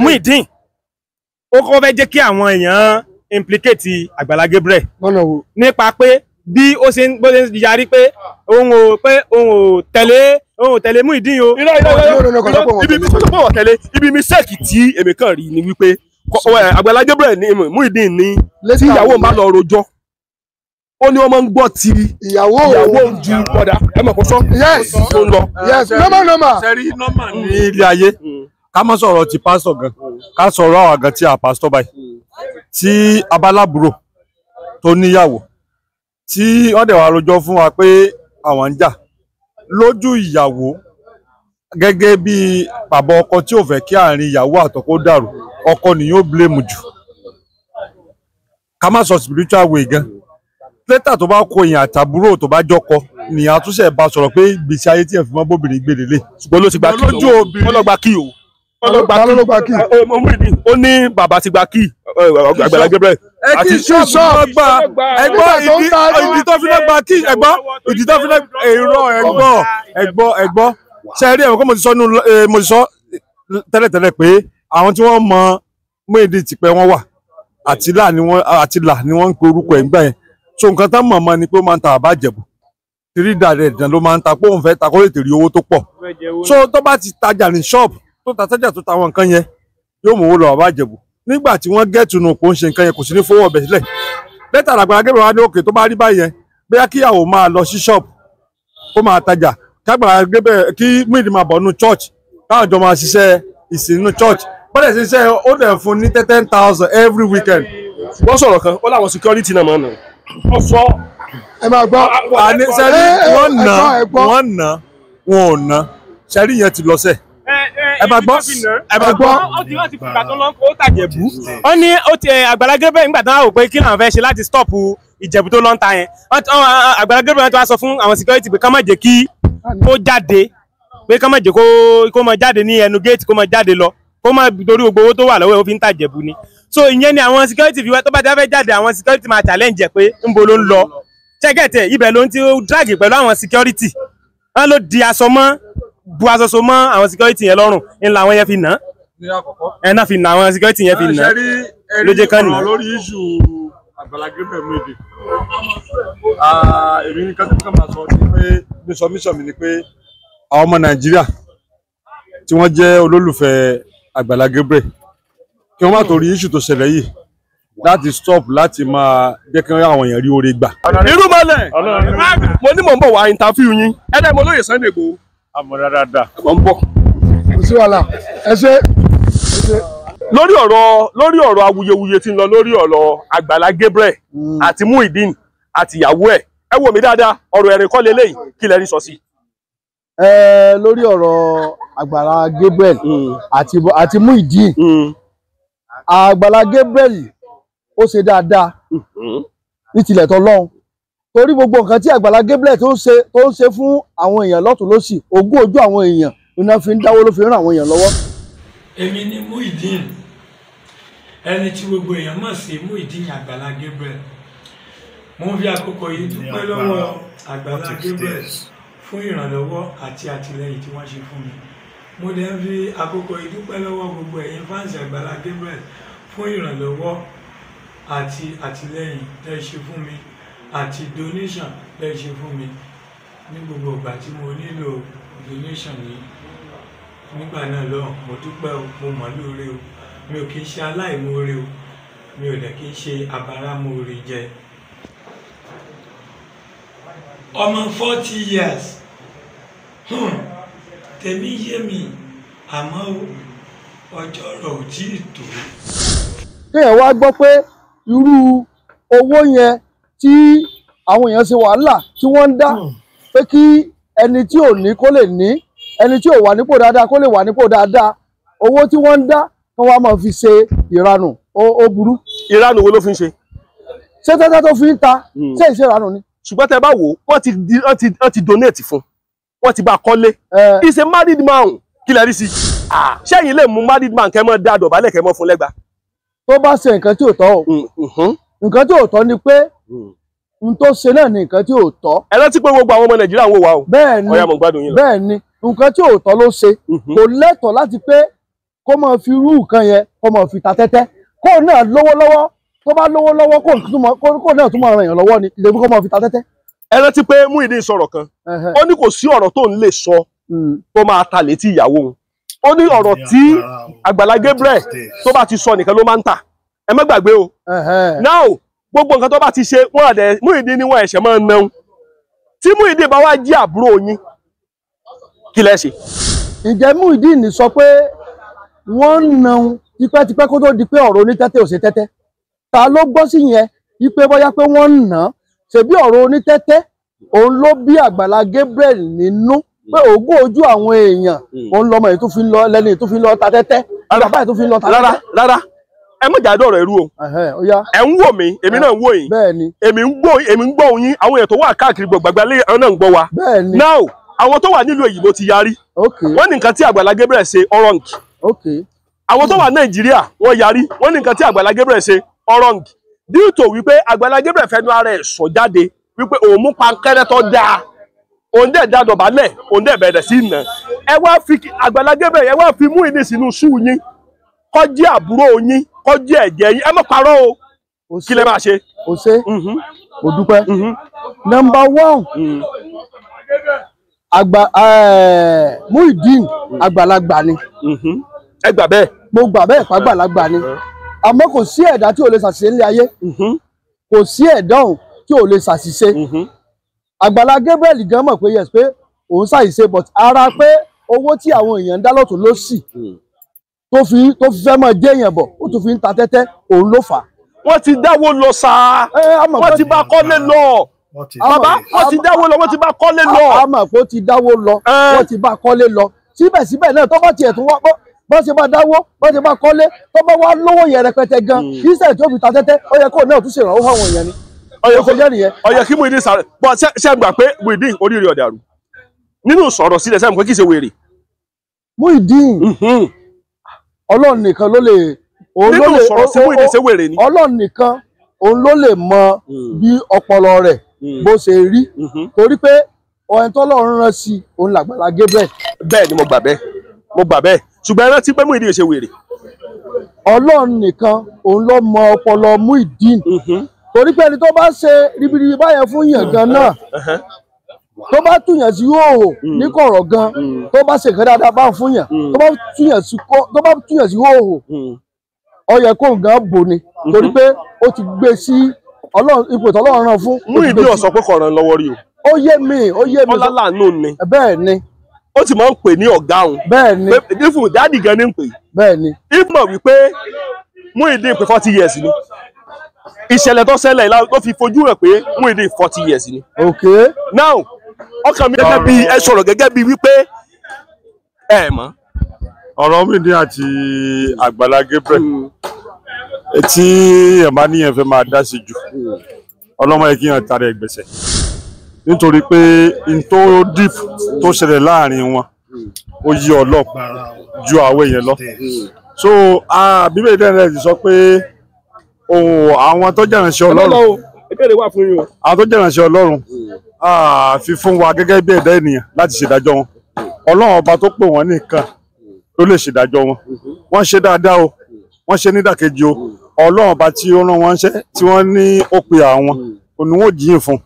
Muyideen ó kọ́ fẹ́ jẹ́ kí àwọn èèyàn implicate Àgbàlá Gabriel nípa pé bí ó ṣe ń gbọ́dọ̀ yarí pé òun ò pé òun ò tẹ̀lé òun ò tẹ̀lé Muyideen o. irọ́ irọ́ irọ́ ibi mi sọ́kọ̀ pọ̀ wọ̀ tẹ̀lé ibi mi sẹ́ẹ̀kì tí èmi kàn rí ni wípé eh, Àgbàlá Gabriel ní Muyideen ní tí ìyàwó máa lọ rojọ́ ó ní wọ́n máa ń gbọ́ ti ìyàwó òun ju ọ̀dà ẹ mọ̀ kó sọ ó ń lọ. yes normal normal. sẹ́rí normal ní ilé ayé ká má sọ̀rọ̀ ti pásítọ̀ gan ká sọ̀rọ̀ àwọn àgàn tí báyìí tí abaláburo tó níyàwó tí wọ́n dẹ̀ wá rojọ́ fún wa pé àwọn ń jà lójú ìyàwó gẹ́gẹ́ bí bàbá ọkọ tí ò fẹ́ kí àárín ìyàwó àtọkọ dàrú ọkọ nìyẹn ó blame jù ká má sọ spiritual way gan lẹ́tà tó bá kó èèyàn àtàbúrò tó bá jọkọ nìyẹn àtúnṣe bá sọ̀rọ̀ pé ìgbésí ayé tí ẹ̀ fi mọ́ bóbìnrin gbèrè lé ṣùgbọ́n ló ti gba kí o ọlọgba kí ó ní bàbá ti gba kí Àgbàlá Gabriel àti ṣọ́ọ̀bù ẹgbọ́n ìdí tó fi náà gba kí ẹgbọ́n ìdí tó fi náà èrò ẹgbọ́n ẹgbọ́n ẹgbọ́n ṣe rí ẹ̀wọ̀n kó mo ti sọ mo ti sọ tẹ́lẹ̀tẹ́lẹ̀ pé àwọn tí wọ́n mọ Muyideen tipẹ́ wọn wà àtìlà ni wọ́n ń pe orúkọ ẹ̀ ń gbà yẹn so nǹkan tá mọ̀ mọ́ ni pé ó máa ń ta àbájẹ̀bù tìrí ìdàrẹ̀ ìdàn ló máa ń ta pé òun fẹ́ ta lè tèrè owó tó pọ̀ so tó bá ti tajà ní ṣọ́ọ̀bù tó ta sẹ́jà tó ta àwọn nǹkan yẹn yóò mú owó lọ ọba àjẹbù nígbà tí wọ́n gẹ́ẹ̀tù nù kó ń ṣe nǹkan yẹn kò sí ní fowó ọbẹ̀ sílẹ̀ lẹ́tà àgbàrá gẹ́gẹ́ wa ní òkè tó bá rí báyẹn bóyá kíyàwó máa lọ sí ṣọ́ọ̀bù kó máa tajà kágbàrá gẹ́gẹ́ kí mídìí máa bọ̀ nù church káwọn jọ máa ṣiṣẹ́ ìsìn nù church bọ́dẹ̀ ṣe iṣẹ́ ó dẹ̀ fún ní ten thousand every weekend. wọ́n sọ̀rọ̀ kan wọ́n láwọn security náà máa nà wọ́n sọ. ẹ máa gbọ́ àní sẹ́rí wọ́n nà wọ́n nà wọn ò sẹ́rí yẹn ti lọ sẹ́ẹ̀ ẹ máa gbọ́ ẹ máa gbọ́. ó ti láti fìgbà tó lọ́n kó tàjẹ̀bú. ó ní ó ti eh, Àgbàlá Gabriel nígbà tó ń wò pé kí làwọn fẹ́ ṣe láti stop ìjẹ̀bú tó lọ́n ta yẹn. Eh, Àgbàlá Gabriel tó wá sọ fún àwọn security pé kán má jẹ́ kí kó jáde pé kán má jẹ́ kó má jáde ní ẹnu gate kó má jáde lọ kó má torí gbogbo owó tó wà lọ́wọ́ ẹ̀ ó fi ń tàjẹ̀bú ni. so ìyẹn ni àwọn security fi wá tó bá ti fẹ́ jáde àwọn security máa challenge ẹ̀ pé ńbo ló ń lọ. ṣẹ́gẹ̀tẹ̀ ibẹ̀ ló ń ti drag pẹ̀lú àwọn security wọ́n ló di aṣọ mọ́ bu aṣọ so mọ́ àwọn security yẹn lọ́rùn ńlá àwọn yẹn fi nà ẹ̀ náà fi nà àwọn security yẹn fi nà ló jẹ́ kán nìyẹn. lórí iṣu Agbala Gabriel Muyideen èmi ní kátó kọ́ máa sọ ni pé ní sọmísọ mi ni pé àwọn ọmọ Nàìjíríà tí wọ́n jẹ́ olólùfẹ́ Agbala Gabriel kí wọ́n má torí iṣu tó ṣẹlẹ̀ yìí láti stop láti máa jẹ́ kí àwọn èèyàn rí oore gbà. irú mọ́lẹ̀ mo ní mò ń bọ̀ wá interview yín ẹ̀dẹ̀ mo lóye Sunday Igboho àmọ́ dáadáa. àmọ́ ń bọ̀. kò sí wàhálà ẹ ṣe. lórí ọ̀rọ̀ lórí ọ̀rọ̀ awuyewuye tí ń lọ lórí ọ̀rọ̀ àgbàlá Gabriel hmm. àti Muyideen àti ìyàwó ẹ̀ ẹ wò mí dáadáa ọ̀rọ̀ ẹ̀rín kọ́ leléyìí kí lẹ́rí sọ sí. ẹ lórí ọ̀rọ̀ àgbàlá Gabriel hmm. àti àti Muyideen hmm. àgbàlá Gabriel ó ṣe dáadáa ní tilẹ̀ tọ́lọ́run torí gbogbo nǹkan tí Àgbàlá Gabriel tó ń ṣe tó ń ṣe fún àwọn èèyàn lọ́tún lọ́sì ogún ojú àwọn èèyàn iná fi ń dáwó ló fi ń ràn àwọn èèyàn lọ́wọ́. èmi ni Muyideen ẹni tí gbogbo èèyàn mọ̀ sí Muyideen Àgbàlá Gabriel mo ń fi àkókò yìí dúpẹ́ lọ́wọ́ Àgbàlá Gabriel fún ìrànlọ́wọ́ àti àtìlẹ́yìn tí wọ́n ṣe fún mi mo dẹ̀ ń fi àkókò yìí dúpẹ́ lọ́wọ́ gbogbo ẹ̀yin fáǹsì Àgbàlá Gabriel fún ìrànlọ́wọ́ àti àtìlẹ́yìn tẹ́ ṣe fún mi àti donation lè ṣe fún mi ní gbogbo ìgbà tí mo nílò donation yìí nígbà náà lọ́hùn mo dúpẹ́ o mo mọ̀ lóore o mi ò kì í ṣe aláìmoore o mi ò dẹ̀ kì í ṣe abáramoore jẹ. ọmọ forty years hmm. tèmi yé mi àmọ́ ọjọ́ rẹ̀ ò tí ì tó. kéèyàn wá gbọ́ pé irú owó yẹn tí àwọn èèyàn ṣe wàhálà tí wọ́n ń dá hmm. pé kí ẹni tí ò ní kó lè ní ẹni tí ò wà nípò dáadáa kó lè wà nípò dáadáa owó tí wọ́n ń dá kí wọ́n máa fi ṣe ìranù ó burú. ìranù wo ló fi ń ṣe. ṣé tẹ́tẹ́ tó fi ń ta hmm. ṣé ìṣe ìranù ni. ṣùgbọ́n tẹ bá wò ó wọ́n ti donate fún wọ́n ti bá a kọ́lé he's a married man kí lè rí sí i ṣẹ́yìn lè mú married man kẹ́ mọ́ dá dọ̀bálẹ̀ kẹ́ mọ́ fún lẹ́gba. tó bá ṣe nǹkan tí ò tọ́ o hmm, mhm nǹkan tí ò tọ́ ni pé hmm. n tó ṣe náà ni nǹkan tí ò tọ́. ẹ rántí pé gbogbo àwọn ọmọ nàìjíríà ń wò wá o. bẹ́ẹ̀ ni ọyá mo gbádùn yín lọ. bẹ́ẹ̀ ni nǹkan tí ò tọ́ ló ṣe mhm. kò lẹ́tọ̀ọ́ láti pé kó máa fi irú nǹkan yẹn kó máa fi ta tẹ́tẹ́ kó náà lówó lọ́wọ́ tó bá lówó lọ́wọ́ kó náà tún máa ran èèyàn lọ́wọ́ ni ìdèbí kó máa fi ta tẹ́tẹ́. ẹ rántí pé Muyideen sọ̀rọ̀ kan ó ní kò sí ọ̀rọ̀ tó ń lè sọ hmm. tó máa ta létí ìyàwó òun ó ní ọ̀rọ̀ tí Àgbàlá tó bá ti sọ nìkan ló máa ń tà ẹ má gbàgbé o now gbogbo nǹkan tó bá ti ṣe wọn àdẹ Muyideen ni wọn ẹ̀ṣẹ̀ máa ń náwó tí Muyideen bá wá jí àbúrò yín kí lẹ ṣe. ǹjẹ́ Muyideen sọ pé wọ́n ń náwó tipẹ́tipẹ́ kó tó di pé ọ̀rọ̀ onítẹ́tẹ́ ò ṣe tẹ́tẹ́ ta ló gbọ́ sí yẹn wípé bóyá pé wọ́n ń ná ṣebí ọ̀rọ̀ onítẹ́tẹ́ òun ló bí Àgbàlá Gabriel nínú pé ògùn ojú àwọn èèyàn hmm. òun lọ́mọ ètò fi lọ lẹ́ni ètò fi lọ ta tẹ́tẹ́ bàbá ètò fi lọ ta tẹ́tẹ́. rárá rárá ẹ mọ̀ jáde ọ̀rọ̀ ẹ̀rú o ẹ̀ ń wò mí èmi náà ń wò yín èmi ń gbọ́ èmi ń gbọ́ yín àwọn èèyàn tó wà káàkiri gbọ̀gbàgbà lé àwọn náà ń gbọ́ wa now àwọn tó wà nílùú èyí ló ti yarí wọ́n ní nǹkan tí Àgbàlá Gabriel ṣe ọ̀rọ̀ǹg àwọn tó wà Nàìjíríà wọ́n yarí wọ́n ní nǹkan tí Àgbàlá Gabriel ṣe ọ̀rọ̀ǹg due to wípé Àgbàlá Gabriel fẹnu ara ẹ̀ sọ jáde wípé òun mú pankẹ́rẹ́ tó dáa òun dẹ̀ da dọ̀bálẹ̀ òun dẹ̀ bẹ̀rẹ̀ sí nà ẹ wá fi Àgbàlá Gabriel ẹ wá fi mú ìní sínú sùn yín kọjí àbúrò yín kọjú ẹ̀jẹ̀ yín ẹ má parọ́ o kí lẹ máa ṣe. o ṣe mhm. o dúpẹ́ mhm. nọmba one àgbà eh, Muyideen àgbàlagbà ni. Mhm. ẹ gbà bẹ́ẹ̀. mo gbà bẹ́ẹ̀ fàgbàlagbà ni àmọ́ kò sí ẹ̀dá tí ò lè ṣàṣìṣe nílé ayé kò sí ẹ̀dá ọ̀hún tí ò lè ṣàṣìṣe Àgbàlá Gabriel gan mọ̀ pé yes pé òun ṣàṣìṣe but ara pé owó tí àwọn èèyàn ń dá lọ́tún ló sì tó fi tó fi fẹ́ mọ̀ jẹ́yàn bọ̀ ó tún fi ń ta tẹ́tẹ́ òun ló fà á. wọ́n ti dáwó lọ sáá wọ́n ti bá kọ́lé lọ bàbá wọ́n ti dáwó lọ wọ́n ti bá kọ́lé lọ. àmọ́ pé ó ti dáwó lọ wọ́n ti bá kọ́lé lọ síbẹ̀síbẹ̀ náà tó bá tiẹ̀ tún wá pọ́ bá ṣe bá dáwó bá ṣe bá kọ́lé tó bá wá lówó yẹn rẹpẹtẹ gan kì í sẹ̀ tó fi ta tẹ́tẹ́ ó yẹ kó náà tún ṣèrànwọ́ fáwọn èèyàn ni ọyẹ kí Muyideen sáré bọ ṣe gbà pé Muyideen oríire ọ̀dàrú nínú sọ̀rọ̀ sílẹ̀ sẹ́mi pé kì í ṣe wèrè. Muyideen hmm, hmm ọlọ́run nìkan ló lè òun ló lè ọlọ́run nìkan òun ló lè mọ hmm. bí ọpọlọ rẹ̀ hmm. bó ṣe rí hmm. torí pé ọ̀hìn tọ́lọ́run rán sí òun làgbàlá Gabriel. bẹ́ẹ̀ ni mo gbà bẹ́ẹ̀ mo gbà bẹ́ẹ̀ ṣùgbọ́n ẹ rántí pé Muyideen ṣe wèrè. ọlọ́run nìkan òun ló mọ ọpọlọ Muyideen torí pé ẹni tó bá ṣe ribiribi báyẹn fún yàn gan náà uh-huh tó bá túyàn sí hóhò hmm. ní kọ̀rọ̀ gan hmm. tó bá ṣèkan dáadáa bá fún yàn hmm. tó bá túyàn sí hóhò ó yẹ kó nǹkan bò ni torí pé ó ti gbé sí ipò tọ́lọ́run rán fún. mú ìdí ọ̀sán pé kọ̀ọ̀ràn lọ́wọ́ rí o. ó yé mi ó yé mi. ọlọ́lá nù ni. bẹ́ẹ̀ ni ó ti máa ń pè ní ọ̀gá òun. bẹ́ẹ̀ni ní fún dáàdì gan ni ń pè. bẹ́ẹ̀ni. ìmọ̀ wípé Muyideen pé forty years ni ìṣẹ̀lẹ̀ tó ṣẹlẹ̀ ló fi fojú hàn pé Muyideen forty years ni. ok now ọkàn mi gẹ́gẹ́ bí ẹ sọ̀rọ̀ gẹ́gẹ́ bí wípé ẹ mọ̀. ọ̀rọ̀ mi ní àti Àgbàlá Gabriel hmm. tí ẹ̀ bá níyẹn fẹ́ máa dá sí jù ọlọ́mọ yẹ kí yẹn tara gbẹ̀sẹ̀ nítorí pé n tó deep tó ṣẹlẹ̀ láàrin wọn ó yí ọlọ́pàá ju àwọn èèyàn lọ so ah, bíbélì dẹ́rẹ́ ti sọ pé àwọn tó jẹ́ ìrìnsẹ̀ Ọlọ́run ìbéèrè wà fún yín o. àwọn tó jẹ́ránṣẹ́ ọlọ́run fi fún wa gẹ́gẹ́ bí ẹ̀dá ènìyàn láti ṣèdájọ́ wọn ọlọ́run ọba tó pè wọ́n nìkan ló lè ṣèdájọ́ wọn wọ́n ṣe dáadáa o wọ́n ṣe nídàkejì o ọlọ́run ọba tí ó rán wọn ṣẹ́ tí wọ́n ní ó pe àwọn òun wọn ò jíyìn fún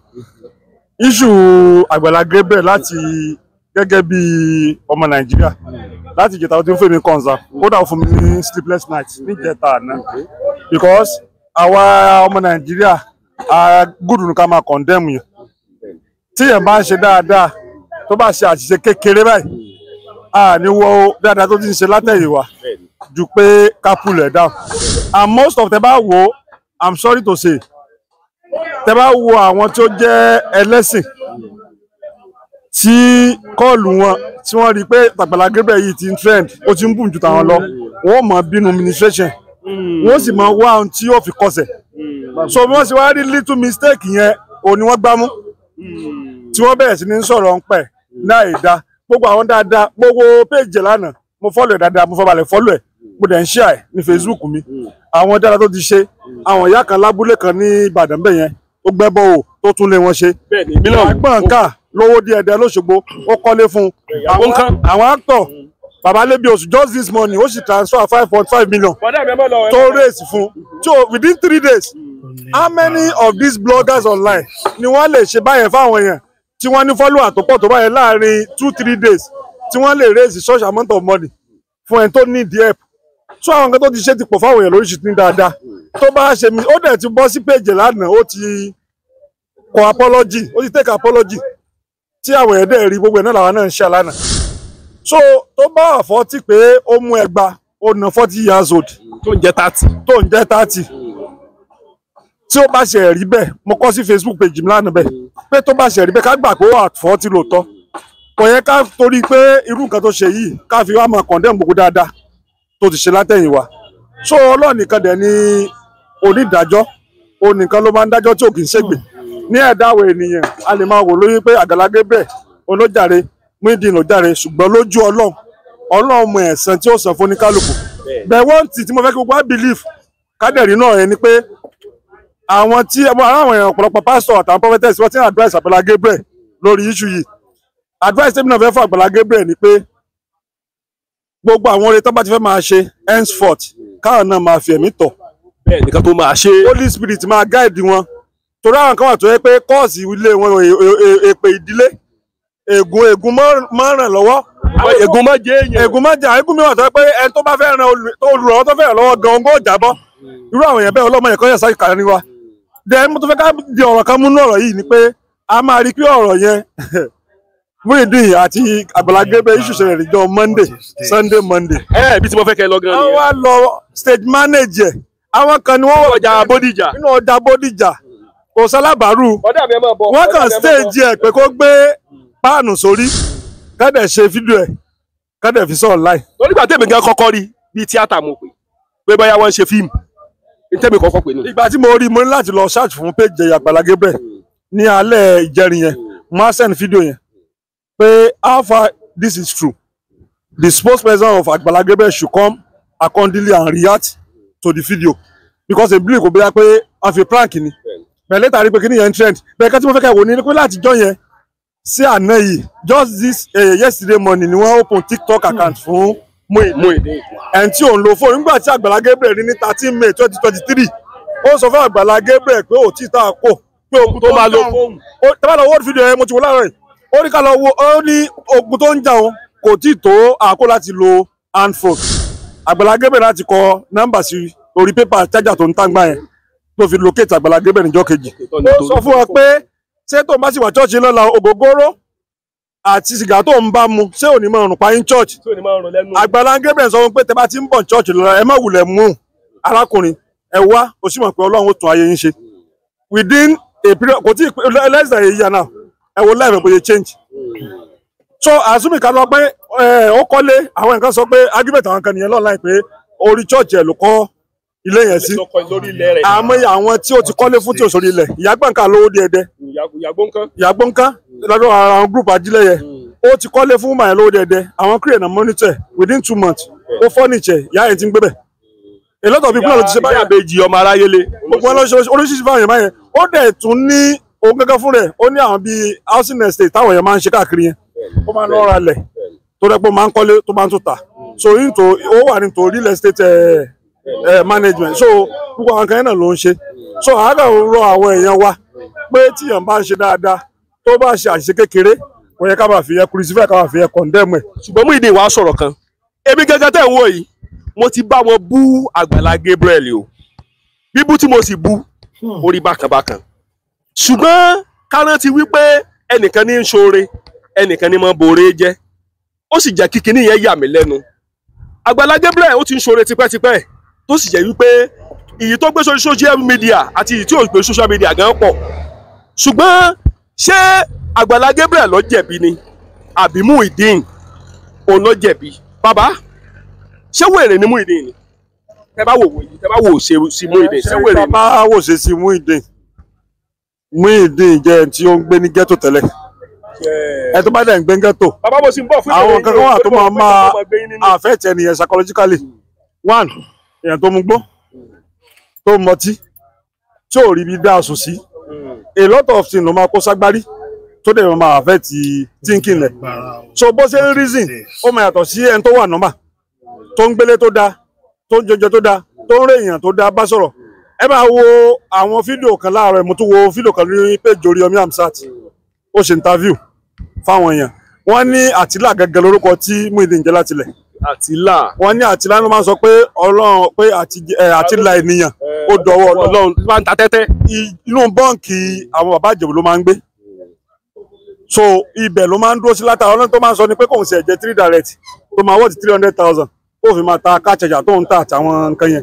iṣu Àgbàlá Gabriel láti gẹ́gẹ́ bí ọmọ nàìjíríà láti ìjẹta tó ń fẹ́ mi kọ̀ǹsà kódà fún mi ní sleepless night níjẹta àná because àwa ọmọ nàìjíríà Ah, gúdùn ká máa condemn yẹn tíyẹn bá ń ṣe dáadáa tó bá ṣe àṣìṣe kékeré báyìí àníwọ dáadáa tó ti ń ṣe látẹ̀yìnwá ju pé ká pull ẹ̀ down and most of tẹ bá wò i'm sorry to say tẹ bá wo àwọn tó jẹ́ ẹlẹ́sìn tí kọ́ọ̀lù wọn tí wọ́n rí i pé Àgbàlá Gabriel yìí ti ń trend ó ti ń bùn ju tàwọn lọ wọ́n mọ̀ bínú administration wọ́n sì mọ̀ wá ohun tí yóò fi kọsẹ̀ so wọ́n sì wá rí little mistake yẹn òun ni wọ́n gbámú tí wọ́n bẹ̀rẹ̀ sí ní sọ̀rọ̀ ń pẹ̀ náà ìdá gbogbo àwọn dáadáa gbogbo péjì lánàá mo fọ́lọ̀ ẹ̀ dáadáa mo fọbalẹ̀ fọ́lọ̀ ẹ̀ mo dẹ̀ ń ṣíà ẹ̀ ní Facebook mi àwọn dáadáa tó ti ṣe àwọn ìyá kan lábúlé kan ní Ìbàdàn bẹ́ẹ̀ yẹn ó gbẹ́bọ̀ o tó tún lé wọn ṣe àgbọ̀n ká lówó díẹ̀ dẹ́ lóṣogbo ó kọ́lé fún un àwọn actor bàbá lébi oṣù just this morning ó sì transfer five point five million tó raise fún un tí o within three days how many of these bloggers online ni wọ́n lè ṣe báyẹn fáwọn èèyàn tí wọ́n ní follower tó pọ̀ tó báyẹn láàrin two three days tí wọ́n lè raise social amount of money fún ẹni tó need help so àwọn nǹkan tó ti ṣe ti pọ̀ fáwọn èèyàn lóríṣiríṣi ní dáadáa tó bá ṣe mí ó dẹ̀ ti bọ́ sí péjì lánàá ó ti kọ apology ó ti take apology tí àwọn èèyàn dẹ̀ rí gbogbo ẹ̀ náà làwọn náà ń ṣe lánàá so tó bá àfọ́tì pé ó mú ẹgbàá ó ná forty years old tó ń jẹ́ thirty tó ń jẹ́ thirty tí ó bá ṣe rí bẹ́ẹ̀ mo kọ sí Facebook page mi lánàá bẹ́ẹ̀ pé tó bá ṣe rí bẹ́ẹ̀ ká gbà pé ó àfọ́ ti lò tọ́ kò yẹ ká torí pé irú nǹkan tó ṣe yìí ká fi wá máa condemn gbogbo dáadáa tó ti ṣe látẹ̀yìnwá so Ọlọ́run nìkan dẹ̀ ni onídàájọ́ òun nìkan ló máa ń dájọ́ tí ò kì í ṣègbè ní ẹ̀dá àwọn ènìyàn a lè máa wò lórí pé Àgbàlá Gabriel olójàre Muyideen olójàre ṣùgbọ́n lójú Ọlọ́run Ọlọ́run mọ ẹ̀san tí ó san fún oníkálukú bẹ́ẹ̀ wọ́n àwọn tí àwọn èèyàn ọ̀pọ̀lọpọ̀ pásítọ̀ àtàwọn prophetess wọ́n ti ń advice Àgbàlá Gabriel lórí issue yìí advice tèmi náà fẹ́ fún Àgbàlá Gabriel ni pé gbogbo àwọn oore tó bá ti fẹ́ máa ṣe henceforth káwọn náà máa fi ẹ̀mí tọ̀ bẹ́ẹ̀ nìkan tó máa ṣe Holy Spirit máa guide wọn torí àwọn kan wà tó yẹ pé kọ́ọ̀sì ilé wọn èpè ìdílé ègún ègún máa ràn lọ́wọ́ ègún máa jẹ èèyàn ègún máa jẹ àìkú mìíràn tó yẹ pé ẹni tó bá fẹ́ ràn olùrànwọ́ tó fẹ́ ràn lọ́wọ́ gan-an ó jábọ́ irú àwọn èèyàn bẹ́ẹ̀ ọlọ́mọ yẹn kọ́ yẹ sáyé kàrẹ́ wa then mo tún fẹ́ ká di ọ̀rọ̀ kan múnú ọ̀rọ̀ yìí ni pé a máa rí pé ọ̀rọ̀ yẹn Muyideen àti Agbala Gabriel issue ṣẹlẹ̀ Monday Sunday Monday. ẹ ẹ bí tí mo fẹ́ kẹ́ lọ gan-an nìyẹn. àwa lọ stage manager àwọn kan ni wọ́n wọ ọjà Bódìjà nínú ọjà Bódìjà kò sálábàárù wọ́n kàn stage ẹ̀ pé kó gbé páànù sórí kẹ́dẹ̀ ṣe fídíò ẹ̀ kẹ́dẹ̀ fi sọ online. lórí gbàtẹ́mi gan kọ́kọ́ rí bíi tíátà mo pè pé báyà wọ́n ń ṣe fíìmù ntẹ́mi kọ́kọ́ pè ní. ìgbà tí mo rí mo ní láti lọ search fún page Àgbàlá Gabriel ní alẹ́ ìjẹrin yẹn máa send fídíò yẹn pé how far this is true the spokesperson of Agbala Gabriel should come accordingly and react to the video because they believe kò bóyá pé a fi prank ni but later rí pé kí ni yẹn trend bẹ́ẹ̀ kí tí mo fẹ́ kẹ́ wò ni pé láti jọ́ yẹn sí àná yìí just this uh, yesterday morning ni wọ́n open TikTok account fún Muyideen ẹni tí òun lo fóònù nígbà tí Àgbàlá Gabriel rí ní thirteen May twenty twenty three ó sọ fún Àgbàlá Gabriel pé òtítà kò pé ogun tó máa lo fóònù tábàlà wọ́ọ̀dù fídíò yẹn mo ti wò láàárọ̀ yìí ó ní ká lọ wo ó ní ogun tó ń jà òun kò tí ì tó àkó láti lo handphone Àgbàlá Gabriel láti kọ nọ́mbà sí orí pépà chájà tó ń tàgbà yẹn tó fi locate Àgbàlá Gabriel níjọ́ kejì ó sọ fún wa pé ṣé tó ń bá sì wà chọ́ọ̀chì lọ́la ògógóró àti sìgá tó ń bá mu ṣé ò ní máa rùn in church Àgbàlá Gabriel sọ pé tẹ bá ti ń bọ̀ church ẹ má wulẹ̀ mú arákùnrin ẹ wá o sì within a period kò tí ì less than a year now ẹ wo life bóyá change so àsúmì ká lọ pé ẹ ó kọ́lé àwọn nǹkan sọ pé argument kan nìyẹn lọ́la pé orí church ló kọ́ ilé yẹn sí lọ́dọ̀ àwọn group ajílẹ̀yẹ hmm. ó ti kọ́lé fún màá lówó dẹ̀dẹ̀ àwọn kírè náà monitor within two months hmm. ó fọ́nìṣẹ̀ ìyá ẹ̀ ti ń gbébẹ̀ a lot of people náà ló ti ṣe báyà bèjì ọmọ aráyé le gbogbo wọn oríṣiríṣi ó dẹ̀ tún ní gẹ́gẹ́ fún rẹ̀ ó ní àwọn bíi housing estate táwọn máa ń ṣe káàkiri yẹn ó máa ń lẹ̀ tó máa ń kọ́lé tó máa ń hmm. so ó wà eh, eh, so gbogbo àwọn kan yẹn náà wa tó bá ṣe àṣìṣe kékeré wọ́n yẹ ká máa fi yẹn kúrìsífẹ́ ká máa fi yẹn kọ̀ndẹ́mù ẹ̀. ṣùgbọ́n Muyideen wàá sọ̀rọ̀ kan èmi gẹ́gẹ́ tẹ̀ ń wò yìí mo ti bá wọn bú Àgbàlá Gabriel o bíbú tí mo sì bú orí bákan bákan ṣùgbọ́n kárántí wípé ẹnìkan ní í ṣoore ẹnìkan ní mọ bòore jẹ́ ó sì jẹ́ kíkiní yẹn yà mí lẹ́nu Àgbàlá Gabriel ó ti ń ṣoore tipẹ́tipẹ́ tó sì jẹ́ wípé ìyí tó gbé sórí social media àti ìyí tí ò gbé social media gan pọ̀ ṣùgbọ́n ṣé àgbàlá Gabriel ló jẹ̀bi ni àbí Muyideen òun ló jẹ̀bi bàbá ṣé wèrè ni Muyideen ni tẹ bá wò wòye tẹ bá wò ṣe sí Muyideen ṣé wèrè ni. tẹ bá wò ṣe sí Muyideen Muyideen jẹ́ ẹni tí ó ń gbé ní ghetto tẹ́lẹ̀ ẹ tó bá dẹ̀ ń gbé ní ghetto àwọn kankan wà tó máa máa affect ènìyàn psychologically one èèyàn tó mu gbó tó mọtí tí ò rí bí dá sùn sí a lot of things ló máa kó ságbárí tó dẹ̀ máa fẹ́ ti thinking rẹ̀ so bó ṣe ń reason ó máa yàtọ̀ sí ẹni tó wà nọ́mà tó ń gbélé tó dáa tó ń jọjọ tó dáa tó ń rè èèyàn tó dáa bá sọ̀rọ̀ ẹ máa wo àwọn fídíò kan láàárọ̀ mo tún wo fídíò kan lórí péjì Oríyọmí Hamzat ó ṣe interview fáwọn èèyàn wọ́n ní àtìlá gẹ́gẹ́ lórúkọ tí Muyideen jẹ́ látilẹ̀ àtìlá wọ́n ní àtìlá ló máa sọ pé Ọlọ́run pé àtìlá ènìyàn ó dọwọ́ ọlọ́run tí wọ́n ń ta tẹ́tẹ́ inú bọ́ǹkì àwọn bàbá ìjẹ̀bù ló máa ń gbé so ibẹ̀ ló máa ń dúró sí látara ọlọ́run tó máa ń sọ ni pé kò ń ṣe ẹ̀jẹ̀ three direct tó máa wọ́ọ̀tì three hundred thousand tó fi máa ta káàkiri tó ń ta àtàwọn nǹkan yẹn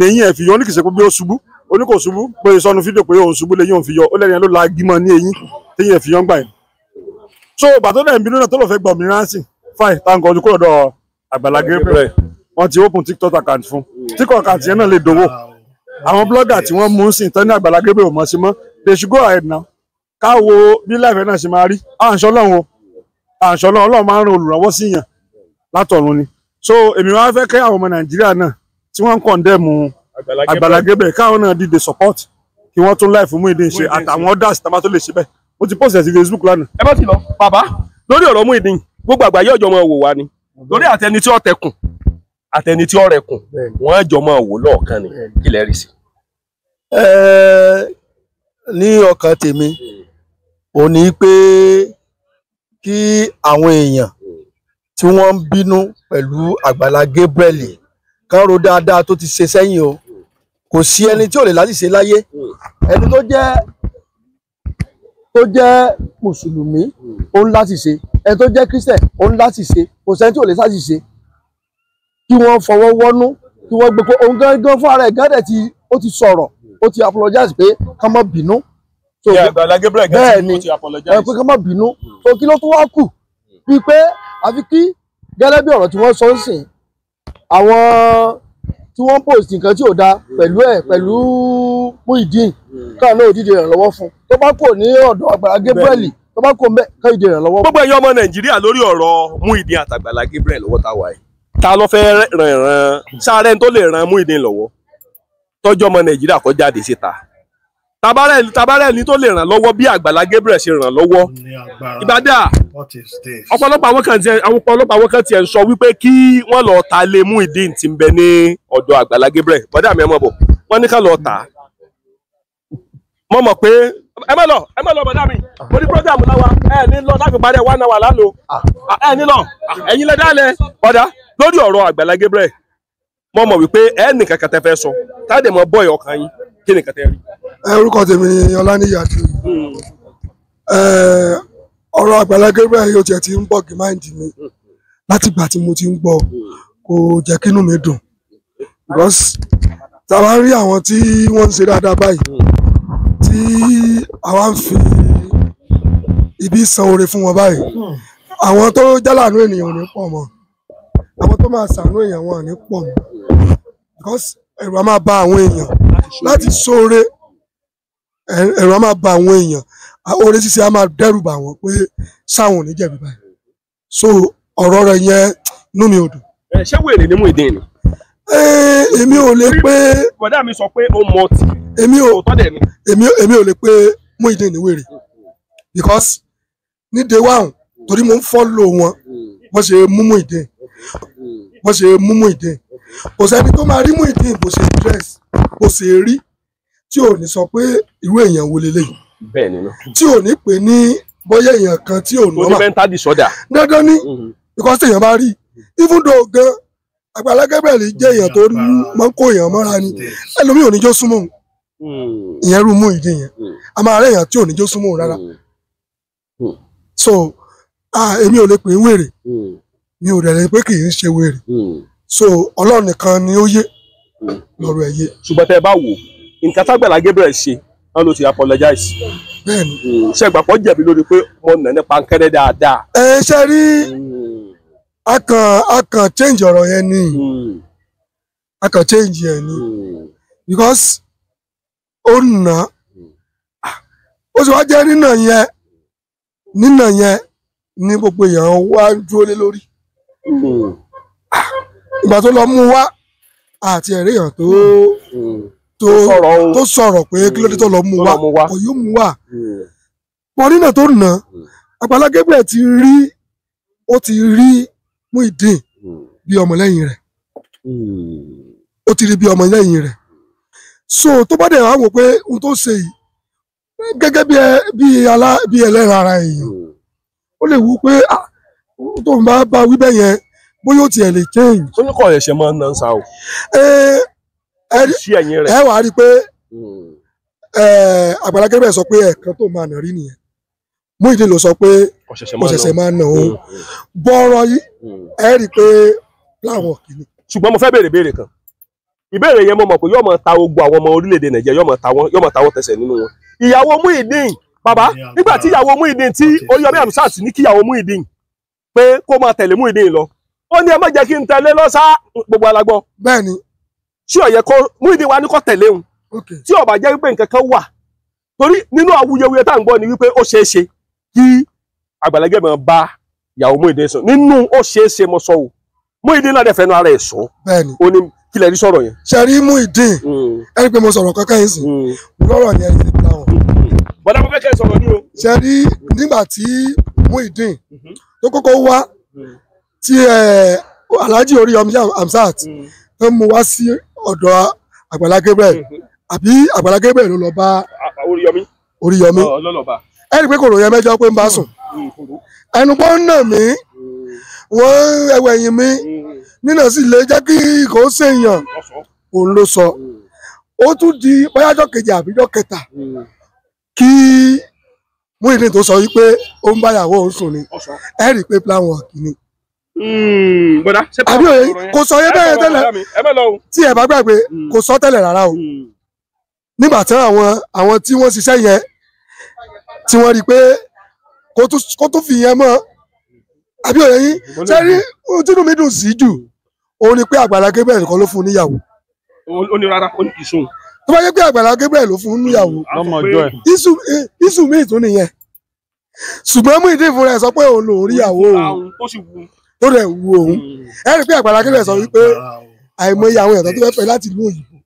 lẹ́yìn ẹ̀ fi yọ oníkìsẹ́ pé bí ó ṣubú oní kò ṣubú pé sọnù fídíò pé òun ṣubú lẹ́yìn òun fi yọ ó lẹ́yìn ló la gímọ̀ ní eyín lẹ́yìn ẹ̀ fi yọ ń gbà yẹn. so bàtọ́ náà ìbínú náà tó lọ́ọ́ fẹ́ gbọ̀ mìíràn sí fine táǹkọ̀ ojú kúrò dọ̀ Àgbàlá Gabriel wọ́n ti open tiktok account fún tiktok account yẹn náà lè dòwò àwọn blogger tí wọ́n mú sí ìtàn ní Àgbàlá Gabriel mọ̀ sí mọ́ they should go ahead now ká wo bí life náà ṣe máa rí àǹṣọ́ lọ́hùn o àǹṣọ́ lọ́hùn ọlọ́run so èmi wá fẹ́ kẹ́ àwọn ọmọ tí wọ́n ń kọ̀ndẹ́mù Agbala Gabriel káwọn náà dìde support kí wọ́n tún láì fún Muyideen ṣe àtàwọn others tá a bá tó lè ṣe bẹ́ẹ̀ mo ti post ẹ̀ sí Facebook lánàá. ẹ bá ti lọ bàbá lórí ọ̀rọ̀ Muyideen gbogbo àgbáyé ọjọ́ ọmọ wò wá ni lórí àtẹni tí ó tẹkùn àtẹni tí ó rẹkùn wọ́n jọ máa wò lọ́ọ̀kan ni kí lẹ́rì sí. ní ọkàn tèmi ò ní pé kí àwọn èèyàn tí wọ́n ń bínú pẹ̀lú Àgbàlá Gabriel kán ro dáadáa tó ti ṣe sẹ́yìn o kò sí ẹni tí ò lè láṣìṣe láyé ẹni tó jẹ́ tó jẹ́ mùsùlùmí ó ń láṣìṣe ẹni tó jẹ́ kírísítẹ̀ ó ń láṣìṣe kò sẹ́ni tí ò lè láṣìṣe kí wọ́n fọwọ́ wọ́nú kí wọ́n gbé pé òun gángan fún ara ẹ̀ gángan ti ó ti sọ̀rọ̀ ó ti apologize pé ká má bínú. bẹ́ẹ̀ ni ẹ pé ká má bínú. kí ló tún wá kù bíi pé àfi kí gẹ́lẹ́ bí ọ̀rọ̀ tí wọ́n sọ ń sìn àwọn tí wọ́n post nǹkan tí ò da pẹ̀lú ẹ̀ pẹ̀lú Muyideen hmm. káà náà òdìdí ìrànlọ́wọ́ fún tó bá kò ní ọ̀dọ̀ Àgbàlá Gabriel tó bá kò mbẹ́ ká ìdí ìrànlọ́wọ́. gbogbo ẹ̀yin ọmọ Nàìjíríà lórí ọ̀rọ̀ Muyideen àtàgbàlá Gabriel lọ́wọ́ tá a wà yìí ta ló fẹ́ ràn ràn sáré tó lè ràn Muyideen lọ́wọ́ tọ́jú ọmọ Nàìjíríà kó jáde síta t'abara tabarẹ́ni tó lè ràn lọwọ bí Àgbàlá Gabriel ṣe ràn lọwọ ìbádà ọpọlọpọ àwọn kan ti àwọn ọ̀pọ̀lọpọ̀ àwọn kan ń sọ wípé kí lọ ta lé Muyideen tí ń bẹ ní ọ̀dọ̀ Àgbàlá Gabriel bọ́dà mi ẹ mọ̀ bọ̀ wọ́n ní ká lọ tà á mo mọ̀ pé ẹ má lọ ẹ má lọ mi ah. mo ní program láwa ẹ ní orúkọ tèmi ni ọláníyà ti ọ̀rọ̀ Àgbàlá Gabriel yóò jẹ́ ti ń bọ̀ gímáìndì mi látìgbà tí mo ti ń gbọ́ kò jẹ́ kínú mi dùn because tàwa rí àwọn tí wọ́n ń ṣe dáadáa báyìí tí àwa ń fi ibi san oore fún wọn báyìí àwọn tó jálàánú ènìyàn ò ní pọ̀ mọ́ àwọn tó máa ṣàánú èèyàn wọn ò ní pọ̀ mọ́ because ẹ̀rù á máa bà àwọn èèyàn láti ṣoore ẹ̀rù á máa ba àwọn èèyàn oore ṣíṣe á máa dẹ́rù bà wọ́n pé sáwọn ò ní jẹ̀bi báyìí so ọ̀rọ̀ rẹ̀ yẹn inú mi ò dùn. ẹ ṣé wèrè ni Muyideen ni. èmi ò lè pé. bọ̀dá mi sọ pé ó mọ ọtí. èmi ò èmi ò lè pé Muyideen ni wèrè because ní day one torí mo ń follow wọn bó ṣe mú Muyideen bó ṣe mú Muyideen kò sẹ́ni tó máa rí Muyideen bó ṣe dress bó ṣe rí tí ò ní sọ pé irú èèyàn wo leléyìí bẹ́ẹ̀ ni náà tí ò ní pè ní bóyá èèyàn kan tí o nọ́mà tó ní mental disorder dandan ni mhm. because èèyàn bá rí even though gan Àgbàlá Gabriel jẹ́ èèyàn tó máa ń kó èèyàn mọ́ra ni ẹlòmíì ò ní jó súnmọ́ òun hmm. ìyẹn rú mú ìdí yẹn hmm. a máa rẹ̀ èèyàn tí ò ní jó súnmọ́ òun rárá hmm. so èmi ò lè pè é wèrè mi ò rẹ̀ pé kì í ṣe wèrè so Ọlọ́run nìkan ni ó yé lọ́rọ̀ ẹ̀ yé. ṣùgbọ́n tẹ́ ẹ bá wò ó nǹkan tágbàlá Gabriel ṣe wọn ló ti apologize hmm, ṣẹgbàpọ̀ jẹ̀bi lórí pé mo nà nípa nkẹ́rẹ́ dáadáa. ẹ ṣe rí hmm. akàn akàn change ọ̀rọ̀ yẹn ni hmm. akàn change yẹn ni because ó nà ó sì wá jẹ́ nínà yẹn nínà yẹn ní gbogbo èèyàn wá dúró lé lórí ah, ìgbà tó lọ mú wá àti ẹ̀rí èèyàn tó. Mm. tó sọ̀rọ̀ pé kí ló dé tó lọ mú wa kò yóò mú wa hmm. mọ̀rí náà tó nà hmm. Àgbàlá ti rí ó ti rí Muyideen hmm. bí ọmọlẹ́yìn rẹ̀ ó ti rí bí rẹ̀ so tó bá dẹ̀ wá wò pé ohun tó ṣe yìí gẹ́gẹ́ bí ẹ bí bí ẹlẹ́ran ara èèyàn ó lè wú pé tó ń bá bá wí bóyá ó tiẹ̀ lè change. ó ní o. ẹ wàá rí i pé hmm. Àgbàlá Gabriel sọ pé ẹ̀ẹ̀kan tó máa nà rí nìyẹn Muyideen sọ pé ọ̀sẹ̀sẹ̀ máa nà òun hmm. bọ́ọ̀rọ̀ yìí hmm. ẹ rí i pé láwọn kìíní. ṣùgbọ́n mo fẹ́ béèrè béèrè kan ìbéèrè yẹn mo mọ̀ pé yóò máa ta ogun àwọn ọmọ orílẹ̀-èdè Nàìjíríà yóò máa ta wọ́n tẹsẹ̀ nínú wọn ìyàwó Muyideen bàbá nígbà tí ìyàwó Muyideen tí Oríyọmí Hamzat ní kí pé kó lọ ó ní ẹ má jẹ́ kí n tẹ̀lé gbogbo alágbọ́. tí ó yẹ kó Muyideen wa ní kó tẹ̀lé òun tí ó bá jẹ́ wípé nǹkan kan wà torí nínú awuyewuye tá à ń gbọ́ ni wípé ó ṣeé ṣe kí Agbala Gabriel bá ìyàwó Muyideen sùn nínú ó ṣeé ṣe mo sọ o Muyideen náà dẹ̀ fẹ́nu ara ẹ̀ sọ ó ní kí lẹ rí sọ̀rọ̀ yẹn. sẹ́rí Muyideen hmm. ẹ rí pé mo sọ̀rọ̀ kankan yìí sìn hmm. lọ́rọ̀ yẹn ti ta wọn. Hmm. bọ́dá mo fẹ́ kẹ́ sọ̀rọ̀ ní o. sẹ́rí nígbà tí Muyideen tó kọ́kọ́ wá tí eh, Alhaji Oríyọmí Hamzat tó mú wá sí ọ̀dọ̀ àgbàlá Gabriel mm-hmm. àbí àgbàlá Gabriel ló lọ bá Oríyọmí ẹ rí i pé kò ròyìn mẹ́jọ pé ń bá mm-hmm. sùn mm-hmm. ẹnu pọ́ ń nà mí wọ́n ẹwẹ̀ ẹ̀yìn mi nínà sí lè jẹ́ kí kò ṣèyàn òun ló sọ ó tún di báyájọ́ kejì àbíjọ́ kẹta kí Muyideen tó sọ wípé ó ń báyàwó òun sùn ni ẹ rí i pé plan work ni. Hmm, bọ́dá ṣé pàmò ọ̀rọ̀ yẹn kò sọ yẹ bẹ́ẹ̀ tẹ́lẹ̀ tí ẹ bá gbàgbé hmm. kò sọ tẹ́lẹ̀ rárá o hmm. nígbà tí àwọn àwọn tí wọ́n ṣiṣẹ́ yẹn tí wọ́n rí i pé kó tún fi yẹn mọ́ àbí òye yín ṣe rí ojúlù mi dùn sí jù òun ni pé Àgbàlá Gabriel kan ló fún un níyàwó. ó ní rárá ó ní ìṣó. tó bá yẹ pé Àgbàlá Gabriel ló fún un níyàwó e, isu mi ìtún nìyẹn ṣùgbọ́n mú ìdí ìfúnra ẹ̀ sọ pé òun lòún ríyàwó òun tó rẹ̀ wu òun hmm. ẹ rí i pé Àgbàlá Gabriel sọ wípé àìmọye àwọn èèyàn tó fẹ́ fẹ́ láti ìlú òyìnbó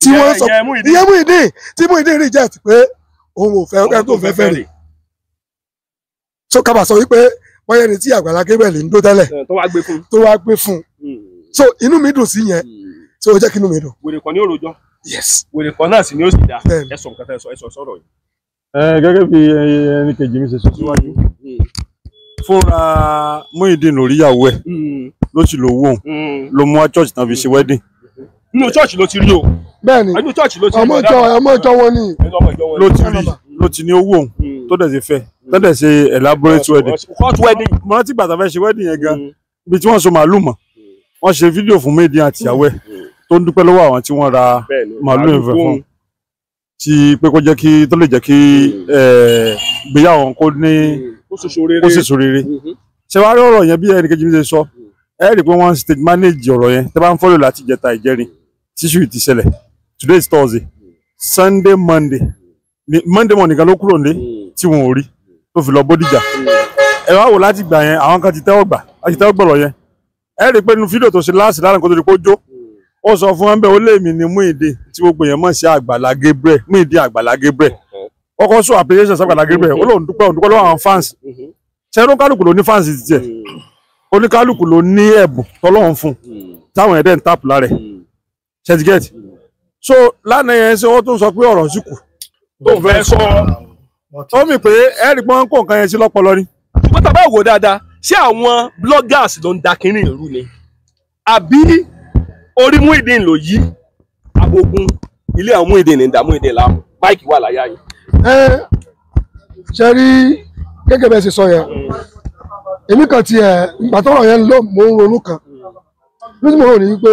tí wọ́n sọ ìyẹn Muyideen tí Muyideen reject pé òun ò fẹ́ ẹni tó fẹ́ fẹ́ rè so kábà sọ wípé wọ́n yẹn ni tí Àgbàlá Gabriel ń dó tẹ́lẹ̀ eh, tó wá gbé fún un hmm. so inú mi dùn sí yẹn hmm. so ó jẹ́ kí inú mi dùn. wèrè kan ní òròjọ́ wèrè kan náà sì ni ó sì dá ẹ̀sùn kẹta ẹ̀sọ̀ sọ̀rọ̀ yìí. Eh, gẹ́gẹ́ bí eh, ẹni kejì mi ṣe sọ síwájú fúnra Muyideen lóríyàwó ẹ̀ hmm. ló sì lówó òun hmm. ló mú wá church tán fi ṣe wedding. inú church ló ti rí o. bẹ́ẹ̀ni ọmọ ìjọ ọmọ ìjọ wọn ni. ló ti rí ló ti ní owó hmm. tó dẹ̀ ti fẹ́ tó dẹ̀ ṣe elaborate wedding. court wedding. mo rántí gbàtà fẹ́ ṣe wedding yẹn gan ibi tí wọ́n so màálù mọ̀ wọ́n ṣe fídíò fún Muyideen àtìyàwó ẹ̀ tó ń dúpẹ́ lọ́wọ́ àwọn tí wọ́n ra màálù yẹn fẹ́ fún ti pé kó jẹ́ kí tó lè jẹ́ kí eh, ìgbéyàwó kó ní ó sì sòrèrè ṣe wá rí ọ̀rọ̀ yẹn bí ẹnì kejì mi ṣe sọ ẹ rí i pé wọ́n stage manage ọ̀rọ̀ yẹn tẹ́ bá ń fọ́lọ̀ láti ìjẹta ìjẹrin tíṣù ti ṣẹlẹ̀ today is Thursday Sunday Monday Monday morning kan ló kúrò nílé tí wọn ò rí tó fi lọ Bódìjà ẹ wá wò láti gbà yẹn àwọn kan ti tẹ́wọ́ gbà àti tẹ́wọ́ gbọ̀rọ̀ yẹn ẹ rí i pé nínú fídíò tó ṣe láàṣì lára nǹkan tó rí kó jó ó sọ fún wọn bẹ́ẹ̀ ó lé mi ní Muyinde tí gbogbo yẹn mọ̀ sí Àgbàlá Gabriel Muyinde ọkọ sọ appreciation sábàlá gẹgbẹ ó lóun dúpẹ́ òun dúpẹ́ lọ́wọ́ àwọn fans mm-hmm. ṣẹrun kálukú ló ní fans tiẹ̀ mm-hmm. oníkálukú ló ní ẹ̀bùn tọ́lọ́run fún mm-hmm. táwọn ẹdẹ ń tàpù lára ẹ ṣẹtigẹẹti so lánàá yẹn ṣe wọn tún sọ pé ọ̀rọ̀ ṣùkù tó fẹ́ sọ ó mì pé ẹrí pọn kó nǹkan yẹn sí lọ́pọlọ ni. ṣùgbọ́n tàbá wò dáadáa ṣé àwọn bloggers ló ń da kínní ìlú ni àbí orí mú ìdí ìlò yìí àbògùn ilé àwọn mú ìdí ìdààmú ìdí làwọn báìkì wà láyà yìí ẹ ṣe rí gẹ́gẹ́ bẹ́ẹ̀ ṣe sọ yẹn èmi kan tiẹ̀ gbàtọ́rọ̀ yẹn ló mò ń ronú kan lójú mo rò ní wípé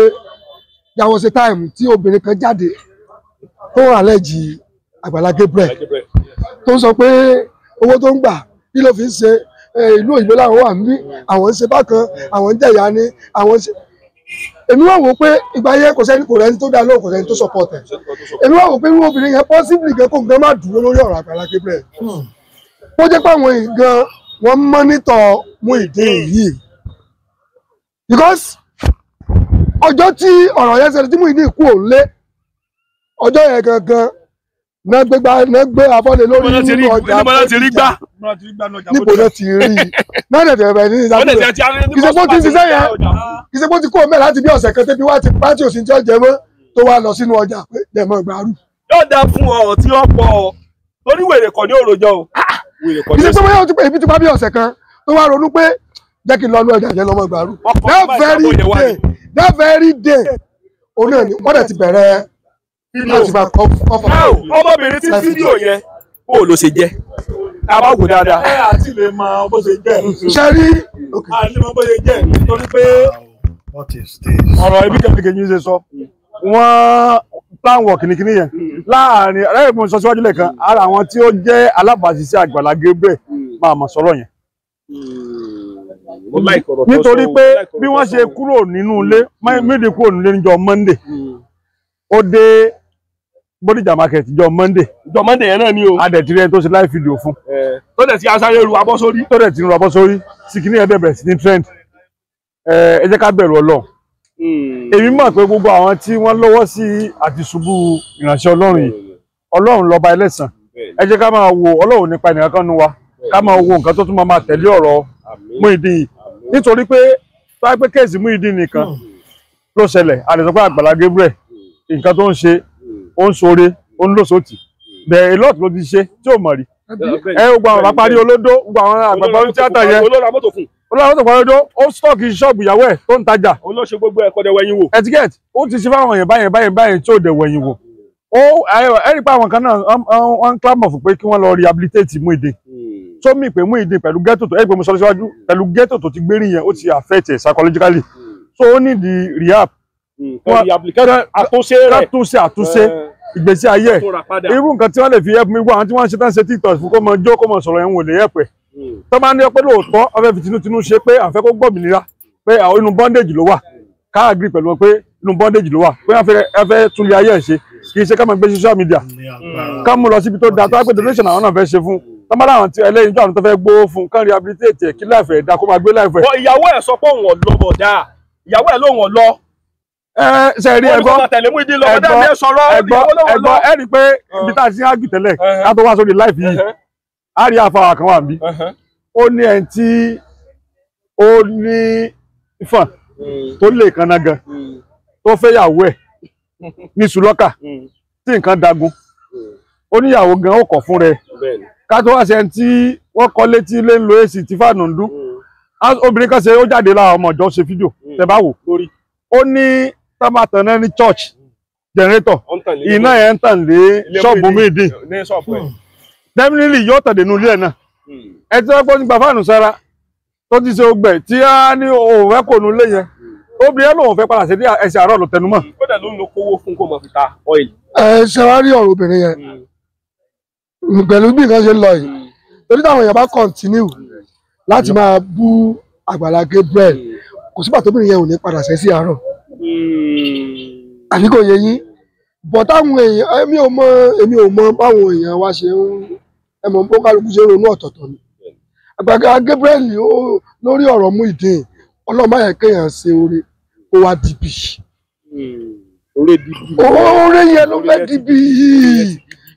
yàwó ṣe táìmù tí obìnrin kan jáde tó wà lẹ́jì Àgbàlá Gabriel tó ń sọ pé owó tó ń gbà kí ló fi ń ṣe ìlú òyìnbó làwọn wà ń bí àwọn ń ṣe bákan àwọn ń jẹ̀yà ni àwọn ń ṣe èmi wà wò pé ìgbà yẹn kò sẹ́ni kò rẹ́ni tó dá lóhùn kò sẹ́ni tó support ẹ̀ èmi wà wò pé irú obìnrin yẹn possibly gan kó gan má dúró lórí ọ̀rọ̀ Agbala Gabriel hmm. ó jẹ́ pé àwọn gan wọ́n mọ́nítọ̀ Muyideen yìí because ọjọ́ tí ọ̀rọ̀ yẹn ṣẹlẹ̀ tí Muyideen kú òun lé ọjọ́ yẹn gangan náà gbé gbá náà gbé abọ́lé lórí nínú ọjà níbo náà ti rí gbá níbo náà ti rí náà dẹ̀ dẹ̀ bẹ̀rẹ̀ ní ìdájọ́ ìṣepọ̀ ti ṣiṣẹ́ yẹn ìṣepọ̀ ti kó mẹ́rin láti bí ọ̀sẹ̀ kan tẹ́bí wá ti pátí òsì tí ó jẹ mọ́ tó wá lọ sínú ọjà pé dẹ̀ mọ́ ìgbà rú. yóò dáa fún ọ tí ó pọ̀ ọ torí wèrè kọ́ ní òròjọ o. Ah! ìṣepọ̀ yóò ti pé ibi tí wá bí ọ̀sẹ̀ kan tó wá ronú pé jẹ́ kí n lọ ọjà jẹ́ lọ́mọ ìgbà rú. that very day that very day òun náà ni wọ́n dẹ̀ ti bẹ̀rẹ̀ ọmọbìnrin tí fídíò yẹn bó ló ṣe jẹ́ àbá dáadáa. ẹ àti lè mọ bó ṣe jẹ́. sẹ́rí àti lè bó ṣe jẹ́ nítorí pé ọ̀rọ̀ ibi kẹ̀kẹ́ yín ṣe sọ wọ́n táwọn kìnnìkìnnì yẹn láàrin ẹ̀rẹ́ ìpín sọ síwájú lẹ́ẹ̀kan ara àwọn tí ó jẹ́ alábàáṣiṣẹ́ Àgbàlá Gabriel máa mọ̀ sọ̀rọ̀ yẹn. Hmm. nítorí pé bí wọ́n ṣe kúrò nínú ilé mídìí kúrò nílé níjọ́ Monday hmm ó dé bódìjà market jọ monday. jọ monday yẹn náà ni o. adẹ̀tìrẹ́ tó ṣe live video fún. tó dẹ̀ ti aṣáré ru abọ́ sórí. tó dẹ̀ ti ru abọ́ sórí sìkìní ẹ̀ bẹ̀rẹ̀ sí ní trend ẹ jẹ́ ká bẹ̀rù ọlọ́run. Hmm. èmi mọ̀ pé gbogbo àwọn tí wọ́n lọ́wọ́ sí àti ṣubú ìránṣẹ́ ọlọ́run yìí ọlọ́run lọ́ba ẹlẹ́sàn ẹ jẹ́ ká máa wo ọlọ́run nípa ènìyàn kan nu wa ká máa wo nǹkan tó tún máa tẹ̀lé ọ̀rọ̀ Muyideen yìí nítorí pé tó wáá pé kéèsì Muyideen nìkan hmm. ló ṣẹlẹ̀ àdìsọ́pẹ́ Àgbàlá Gabriel nǹkan tó ń ṣe ó ń ṣoore ó ń lòsòtì bẹ́ẹ̀ elot ló ti ṣe tí ò mọ̀ rí ẹ gbogbo àwọn àpárí olódó gbogbo àwọn àgbàgbà orí tíátà yẹn olóra mọ́tò fún olódó ó stọ́ọ̀kì ṣọ́ọ̀bù ìyàwó ẹ̀ tó ń tajà olóṣè gbogbo ẹ̀kọ́ dẹ̀ wẹ̀yìn wò etiquette ó ti ṣe fáwọn èèyàn báyẹn báyẹn báyẹn tí ò dẹ̀ wẹ̀yìn wò ó ẹ̀rí pa àwọn kan náà wọ́n ń clamor fún pé kí wọ́n lọ rehabilitate Muyideen tó hmm. mì pé Muyideen pẹ̀lú ghetto tó ẹ̀ pé mo sọ síwájú pẹ̀lú ghetto tó ti gbérí yẹn ó ti affect psychologically hmm. so ó ní di rehab àtúnṣe àtúnṣe ìgbésí ayé irú nǹkan tí wọ́n lè fi yẹ mi wá àwọn tí wọ́n ń ṣe tán ṣe tiktok fún kó mọ jó kó mọ sọ̀rọ̀ ẹ̀hún ò lè yẹ pẹ̀ hmm. tó bá ní pé lóòótọ́ ọfẹ́ fi tinútinú ṣe pé àfẹ́ kó gbòmìnira pé inú bondage ló wà ká agree pẹ̀lú pé inú bondage ló wà pé afẹ́ tún lè ayé ẹ̀ ṣe kì í ṣe ká máa gbé social media ká mú lọ síbi tó da tó wá pé donation àwọn náà fẹ́ ṣe fún tọ́mọ́lá àwọn tí ẹlẹ́yin tó àwọn tó fẹ́ gbówó fún kán rehabilitate kí láìfẹ́ ẹ̀dá kó máa gbé láìfẹ́. ìyàwó ẹ̀ sọ pé òun ò lọ bọ̀dá ìyàwó ẹ̀ lóun ò lọ ṣe rí ẹgbọ́ ẹgbọ́ ẹgbọ́ ẹ rí pé ibi tá a ti ń ágì tẹ́lẹ̀ ká tó wá sórí láìpì yìí a rí àfàwà kan wà níbí ó ní ẹni tí ó ní fàn hmm. tó lè kanna gan hmm. tó fẹ́ yàwó ẹ̀ hmm. ní sùlọ́kà tí nǹkan dagun ó níyàwó gan ó kọ̀ fún rẹ̀ ká tó wá ṣe ẹni tí wọ́n kọ́ létí lé ń lo èsì tí fàánù ń dún obìnrin kan ṣe ó jáde lára ọmọ ìjọ ṣe fídíò tẹ bá wò ó ní tá bá tàn náà ní church generator iná yẹn ń tàn lé ṣọ́ọ̀bù mídìn definitely yóò tàn dénú ilé ẹ̀ náà hmm. ẹ ti rẹ́ pé ó ti gba fáànù sára tó ti ṣe ogbẹ̀ tí a ní òun rẹ́ kò nu ilé yẹn hmm. obìnrin lòun fẹ́ padà sí ní ẹsẹ̀ àárọ̀ ló tẹnu mọ́. Hmm. ó dẹ̀ ló ń lo kówó fún kó mọ̀ fi ta ọ́ìlì. ẹ ṣe wá rí ọ̀rọ̀ obìnrin yẹn pẹ̀lú bí nǹkan ṣe lọ yìí torí táwọn èèyàn bá kọ̀ǹtínú láti máa bú Àgbàlá Gabriel kò sígbà tóbìnrin yẹn ò ní padà sẹ́sí àárọ̀. Hmm. àbí kò yẹ yín bọ̀ táwọn èèyàn èmi eh, ò mọ èmi ò mọ báwọn èèyàn wa ṣe ń ẹmọ bó kálukú ṣe ń ronú ọ̀tọ̀ọ̀tọ̀ ni àgbàgbà Gabriel lórí ọ̀rọ̀ Muyideen ọlọ́mọ yẹn kéèyàn ṣe oore ó wá dìbì hmm. oore yẹn ló fẹ́ dìbì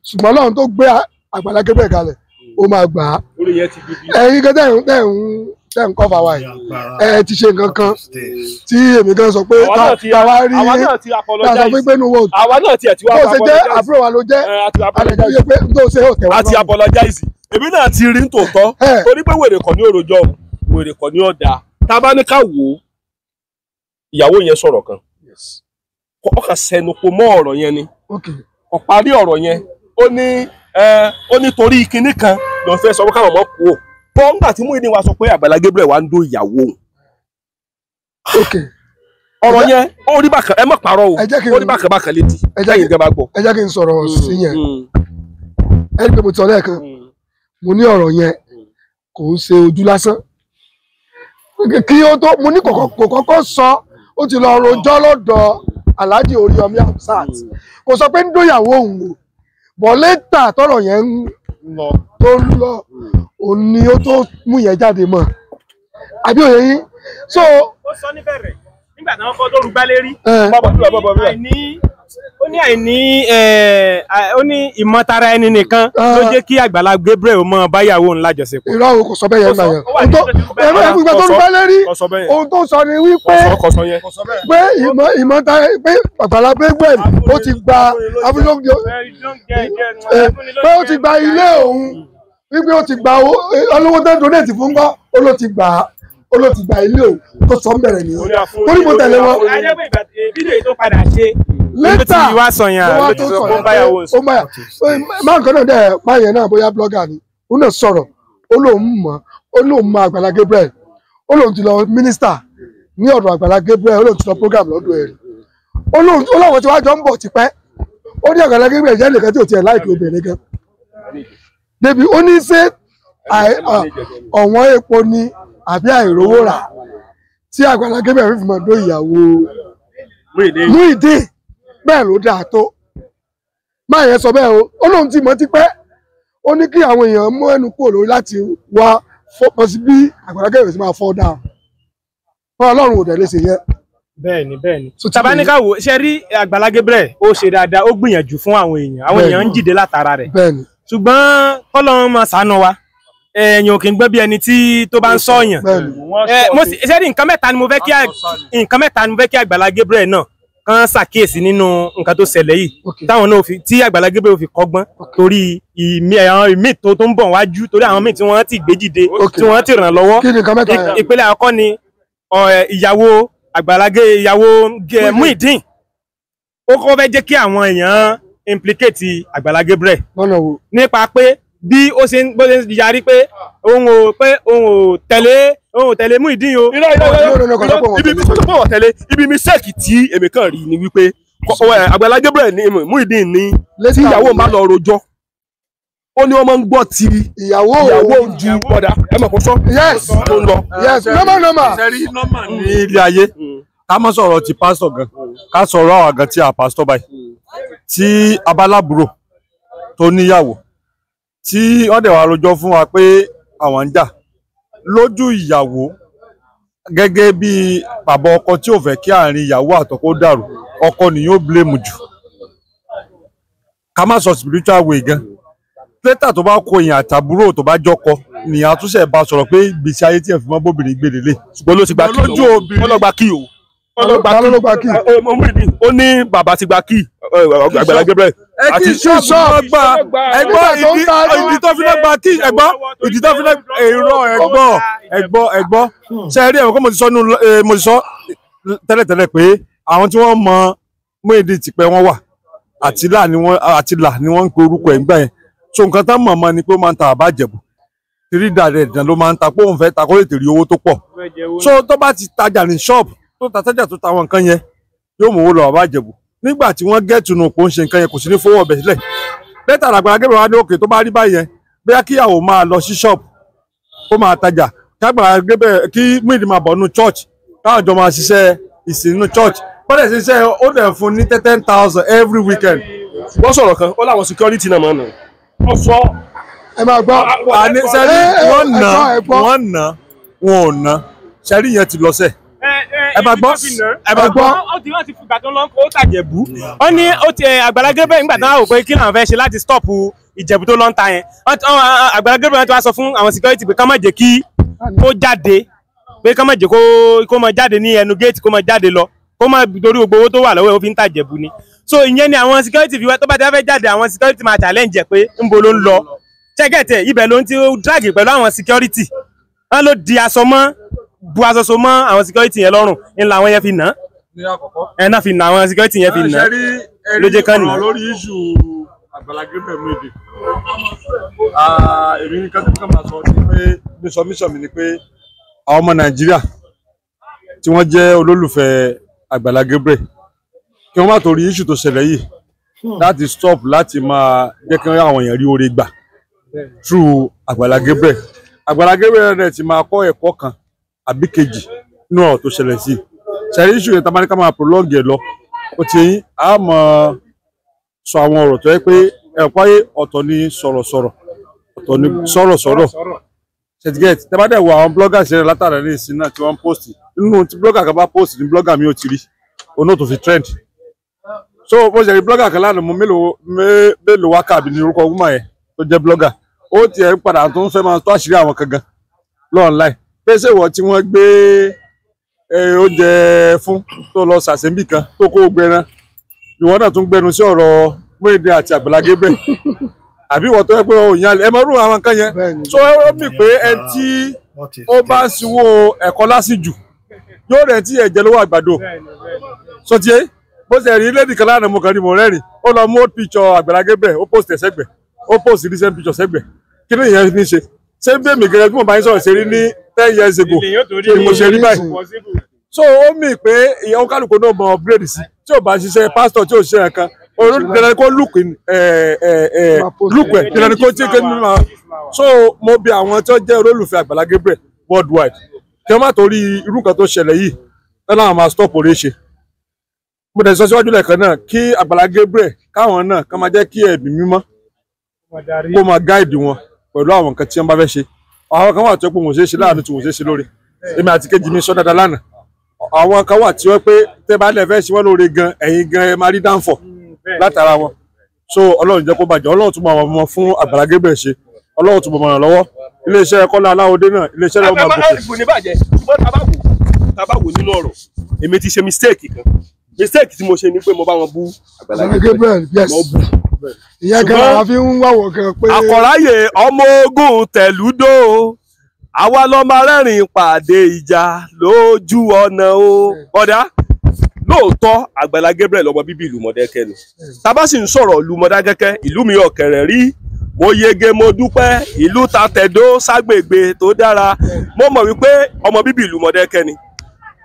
ṣùgbọ́n Ọlọ́run tó gbé Àgbàlá Gabriel kalẹ̀ ó máa gbà á ẹ̀yin kẹ́tẹ́ ń tẹ̀ ń tẹ́ ń kọ́ fà wá yìí ẹ ti ṣe nǹkan kan tí èmi gan sọ pé tàwa rí i tàwa sọ pé gbẹ́nu wo tó ṣe jẹ́ àbúrò wa ló jẹ́ àlejò yẹ pé tó ṣe ò tẹ̀wá náà. àti apologize èmi náà ti rí tòótọ́ torí pé wèrè kọ́ ní òròjọ́ wèrè kọ́ ní ọ̀dà tá a bá ní ká wò ó ìyàwó yẹn sọ̀rọ̀ kan ọkà sẹnupọ̀ mọ́ ọ̀rọ̀ yẹn ni ọ̀parí ọ̀rọ̀ yẹn ó ní ó ní torí kinní kan lọ́ọ́ fẹ́ sọ fún káwọn ọmọ kú ò bọ́ ńgbà tí mú ìdí wa sọ pé Àgbàlá Gabriel wa ń dó ìyàwó òun. ọ̀rọ̀ yẹn ó rí bákan ẹ má parọ́ o ó rí bákan bákan létí ẹ̀yìn gan bá gbọ́. ẹ jẹ́ kí n sọ̀rọ̀ mm. sí yẹn mm. ẹ rí pé mo ti sọ lẹ́ẹ̀kan mm. mo ní ọ̀rọ̀ yẹn kò ń ṣe ojú lásán kí ó tó mo ní kò kọ́kọ́ sọ ó ti lọ rojọ́ lọ́dọ̀ Alhaji Oríyọmí Hamzat kò sọ pé ń dóyàwó òun o bọ̀ tó ń lọ òun ni ó tó mú yẹn jáde mọ́ àbí òye yín so. ó sọ níbẹ̀rẹ̀ nígbà tí wọ́n kọ́ tó rúgbálẹ́rí bọ́bọ̀ bí wọ́n bọ́bọ̀ bí wọ́n ó ní àìní ó ní ìmọ̀tara ẹni nìkan ló ah. jẹ́ kí Àgbàlá Gabriel mọ báyàwó ńlá jọ̀sẹ̀pọ̀. irọ́ àwọn kò sọ bẹ́ẹ̀ yẹn náà yẹn ẹ̀rọ ìgbà tó ń bá lérí ohun tó sọ ni wípé pé ìmọ̀tara pé Àgbàlá Gabriel ó ti gba abúlóńgbò eh, pé ó ti gba ilé òun wípé ó ti gba olówó tó ń donate fún gbọ́ ó ló ti gbà á olóòtú gba ilé o tó sọ ń bẹ̀rẹ̀ nìyẹn torí mo tẹ̀lé wọn. fídíò yìí tó sọ yẹn ló ń báyà wò ó. máa náà dẹ̀ báyẹn náà bóyá blogger ni òun náà sọ̀rọ̀ ó lóun mọ̀ ó lóun mọ Àgbàlá Gabriel ó lóun ti lọ mínísítà ní ọ̀dọ̀ Àgbàlá Gabriel ó lóun ti lọ program lọ́dọ̀ ẹ̀rì ó lóun ti wá jọ ń bọ̀ tipẹ́ ó ní Àgbàlá Gabriel jẹ́ nìkan tí ò tiẹ̀ láìpẹ́ obìnrin gan débi ó ní ṣe ọ̀wọ́n epo ni àbí àìrówó rà tí Àgbàlá Gabriel fífi mọ̀ dó ìyàwó Muyideen bẹ́ẹ̀ ló dáa tó máa yẹn sọ bẹ́ẹ̀ o ó lóun ti mọ̀ tipẹ́ ó ní kí àwọn èèyàn mú ẹnu kúrò lórí láti wá fọpọ sí bí Àgbàlá Gabriel sí máa fọ́ dáa fún Ọlọ́run ò tẹ̀lé ṣe yẹ. bẹ́ẹ̀ni bẹ́ẹ̀ni tabaníkà wo ṣe rí Àgbàlá Gabriel ó ṣe dáadáa ó gbìyànjú fún àwọn èèyàn àwọn èèyàn ń jìde látara rẹ̀ ṣùgbọ́n kọlọrun máa ṣàánú wa èèyàn kì í gbẹ́ bí ẹni tí tó bá ń sọ̀yàn ṣé ní nǹkan mẹ́ta ni mo fẹ́ kí nǹkan mẹ́ta ni mo fẹ́ kí Àgbàlá Gabriel náà kan ṣàkíyèsí nínú nǹkan tó ṣẹlẹ̀ yìí táwọn náà fi tí Àgbàlá Gabriel fi kọ́gbọ́n torí ìmí àwọn ìmí tó tó ń bọ̀ wájú torí àwọn míì tí wọ́n ti gbé jìde tí wọ́n ti ràn lọ́wọ́ ìpele àkọ́kọ́ ni ìyàwó Àgbàlá ìyàwó Muyideen ó kọ́ fẹ́ jẹ́ kí àwọn èèyàn implicate Àgbàlá Gabriel nípa pé bí ó ṣe ń bó ṣe ń yarí pé òun ò pé òun ò tẹ̀lé òun ò tẹ̀lé mú ìdí o. irọ́ irọ́ irọ́ ibi mi sọ́kọ̀ wọ̀ tẹ́lẹ̀ ibi mi sẹ́ẹ̀kì tí èmi kan rí ni wípé Àgbàlá Gabriel ni mú ìdí ni tí ìyàwó má lọ rojọ́ ó ní wọ́n máa ń gbọ́ ti ìyàwó ìyàwó ju bọ̀dà ẹ mọ̀ kó sọ tó ń lọ. yes normal normal. sẹ́rí normal ní ilé ayé ká má sọ̀rọ̀ ti pásítọ̀ gan ká sọ̀rọ̀ àwọn àgàn tí a báyìí tí abaláburo tó níyàwó tí wọ́n dẹ̀ wá rojọ́ fún wa pé àwọn ń jà lójú ìyàwó gẹ́gẹ́ bí bàbá ọkọ tí ò fẹ́ kí àárín ìyàwó àtọkọ dàrú ọkọ nìyó blame jù ká má sọ spiritual way gan létà tó bá kó èèyàn àtàbúrò tó bá jọkọ nìyàn àtúnṣe bá sọ̀rọ̀ pé gbèsè ayé tí ẹ fi mọ́ bóbìnrin gbèrè lè ṣùgbọ́n ló ti gba kí o ló gba kí o ọlọgba kí ó ní bàbá ti gba kí Àgbàlá Gabriel àti ṣọ́ọ̀bù ẹgbọ́ ìdí tó fi lọ́gba kí ẹgbọ́ ìdí tó fi lọ́gba èrò ẹgbọ́ ẹgbọ́ ẹgbọ́ ṣe rí ẹ̀wọ̀n kó mo ti sọ mo ti sọ tẹ́lẹ̀tẹ́lẹ̀ pé àwọn tí wọ́n mọ Muyideen tipẹ́ wọn wà àtìlà ni wọ́n ń pe orúkọ ẹ̀ ń gbà yẹn so nǹkan tán mọ̀ọ́mọ́ ni pé ó máa ń ta àbá Ìjẹ̀bú tìrí dàdẹ̀ ìdàn ló máa ń ta pé òun fẹ́ ta kó lè tèrè owó tó pọ̀ so tó bá ti tajà ní ṣọ́ọ̀bù tó ta sẹ́jà tó ta àwọn nǹkan yẹn yóò mú owó lọ bàbá àjẹbù nígbà tí wọ́n gẹ́ẹ̀tù nù pò ń ṣe nǹkan yẹn kò sí ní fowó ọbẹ̀ sílẹ̀ lẹ́tà àgbàrá gẹ́gẹ́ wa ní òkè tó bá rí báyẹn bóyá kíyàwó máa lọ sí ṣọ́ọ̀bù kó máa tajà kágbàrá gẹ́gẹ́ kí mídìí máa bọ̀ nù church káwọn máa ṣiṣẹ́ ìsìn nù church kọ́dẹ̀ ṣiṣẹ́ ó dẹ̀ fún ní ten thousand every weekend. wọ́n sọ̀rọ̀ kan ó láwọn security náà máa nà. wọ́n sọ. ẹ máa gbọ́. àní sẹ́ni wọ́n nà wọ́n nà wọn ò nà sẹ́ni yẹn ti lọ sẹ́ẹ̀ ẹ máa gbọ́ ẹ máa gbọ́. ó ti rántí fún ìgbàdàn lọ́nkọ́ ó tàjẹ̀bú ó ní ó ti eh, Àgbàlá Gabriel nígbà tí wọ́n wò pé kí làwọn fẹ́ ṣe láti stop ìjẹ̀bú tó lọ́n ta yẹn eh, Àgbàlá Gabriel ti wá sọ fún àwọn security pé kán má jẹ́ kí kó jáde pé kán má jẹ́ kó má jáde ní ẹnu géètì kó má jáde lọ kó má dorí gbogbo owó tó wà lọ́wọ́ ẹ̀ ó fi ń tàjẹ̀bú ni so ìyẹn ni àwọn security fi wá tó bá ti fẹ́ jáde àwọn security máa challenge ẹ̀ pé ńbo ló ń lọ ṣẹ́gẹ̀tẹ̀ ibẹ̀ ló ń ti drag pẹ̀lú àwọn security wọ́n ló di aṣọ mọ́ bu aṣoṣo mọ́ àwọn security yẹn lọ́rùn ńlá àwọn yẹn fi nà ẹ̀ náà fi nà àwọn security yẹn fi ah, nà ló jẹ́ kán nìyẹn. lórí iṣu Agbala Gabriel Muyideen ah, èmi ní kẹ́tù kọ́ máa sọ ni pé ní sọmísọ mi ni pé àwọn ọmọ Nàìjíríà tí wọ́n jẹ́ olólùfẹ́ Agbala Gabriel kí wọ́n má torí iṣu tó ṣẹlẹ̀ yìí láti hmm. stop láti ma jẹ́ kí àwọn èèyàn rí oore gbà through Agbala Gabriel Agbala Gabriel rẹ̀ ti máa kọ́ ẹ̀kọ́ kan àbí kejì nínú ọ̀rọ̀ tó ṣẹlẹ̀ sí ṣẹlẹ̀ iṣu yẹn tabaríkà máa prolonge lọ ó ti yín a máa sọ àwọn ọ̀rọ̀ tó yẹ pé ẹ̀ páyé ọ̀tọ̀ ni sọ̀rọ̀sọ̀rọ̀ ọ̀tọ̀ ni sọ̀rọ̀sọ̀rọ̀ ṣètìgẹ́t tẹ́bàdẹ̀ wọ àwọn bloggers yẹn látara ní ìsìn náà tí wọ́n post nínú tí blogger kan bá post ní blogger mi ò ti rí oná tó fi trend so mo ṣe rí blogger kan lánàá mo mélòó mélòó wákà àbí ní orúkọ woman yẹn tó jẹ́ blogger ó tiẹ̀ padà tó ń fẹ́ máa tó àṣírí àwọn kankan lọ́ọ̀nláì pèsè wọ tí wọ́n gbé oúnjẹ fún tó lọ sàṣẹ́bì kan tó kó gbẹran ìwọ náà tún gbẹnu sí ọ̀rọ̀ Muyideen àti Àgbàlá Gabriel àbí ìwọ tó yẹ pé òun yàn ẹ mọ rú àwọn kan yẹn ah, tó ó mì pé ẹ tí ó bá ń sinwó ẹ̀kọ́ lásìjù yóò rẹ̀ tí ẹ̀jẹ̀ lówó àgbàdo sọtiẹ́ bó ṣe rí lẹ́dí kan lánàá mo kàn ní mo rẹ́rìn ó lọ mú old picture Àgbàlá Gabriel ó post ẹ̀ sẹ́gbẹ̀ẹ́ ó post recent picture sẹ́gbẹ̀ẹ́ kí ni ìyẹn ní í ṣe ṣé bẹ́ẹ̀mì gẹ́gẹ́ bí mo bá yín sọ̀rọ̀ ṣe rí ní ten years ago kí mo ṣe rí báyìí so ó mì pé ìyá okálùkù náà mọ upgrade sí tí ò bá ṣiṣẹ́ pásítọ̀ tí ò ṣiṣẹ́ kan dandan lùkù lùkù ẹ̀ dandan kó tí kéde mímọ́ so mo bi àwọn tí wọ́n jẹ́ olólùfẹ́ Àgbàlá Gabriel worldwide kí wọ́n má torí irú nǹkan tó ṣẹlẹ̀ yìí lọ́nà àwọn máa stop orí ṣe mo tẹ̀ sọ lẹ́ẹ̀kan náà kí Àgbàlá Gabriel káwọn náà kàn máa jẹ́ kí ẹ̀mí mímọ́ kó máa gáìdì wọn pẹ̀lú àwọn nǹkan tí wọ́n bá fẹ́ ṣe àwọn kan wà tó pé wọ́n ṣe é ṣe láàánú tí wọ́n ṣe é ṣe lórí èmi àti kejì mi sọ dáadáa lánàá àwọn kan wà tí wọ́n pé tẹ́ bá lè fẹ́ ṣe wọ́n lóore gan ẹ̀yin gan ẹ máa rí dáǹfọ̀ látara wọn so ọlọ́run jẹ́ kó bàjẹ́ ọlọ́run tún mọ àwọn ọmọ fún Àgbàlá Gabriel ṣe ọlọ́run tún mọ ọmọ lọ́wọ́ iléeṣẹ́ Kọ́lá Aláwọ̀dé náà iléeṣẹ́ náà máa gòkè. àgbẹ̀ a bá wò tá a bá wò nínú ọ̀rọ̀ èmi ti ṣe mistake kan mistake mo ṣe ni pé mo bá wọn bú Àgbàlá Gabriel mo ìyẹn kan àwọn fi ń wáwọ̀ kan pé. àkọ̀ráyè ọmọ ogun tẹ̀lúdò àwa lọ́mọ rẹ́rìn pàdé ìjà lójú ọ̀nà o bọ́dá lóòótọ́ Àgbàlá Gabriel ọmọ bíbí ìlú Mọdákẹ́kẹ́ ni tábà sì ń sọ̀rọ̀ ìlú Mọdákẹ́kẹ́ ìlú mi ọ̀kẹ̀rẹ̀ rí mo yege mo dúpẹ́ ìlú ta tẹ̀dó ságbègbè tó dára mo mọ̀ wípé ọmọ bíbí ìlú Mọdákẹ́kẹ́ ni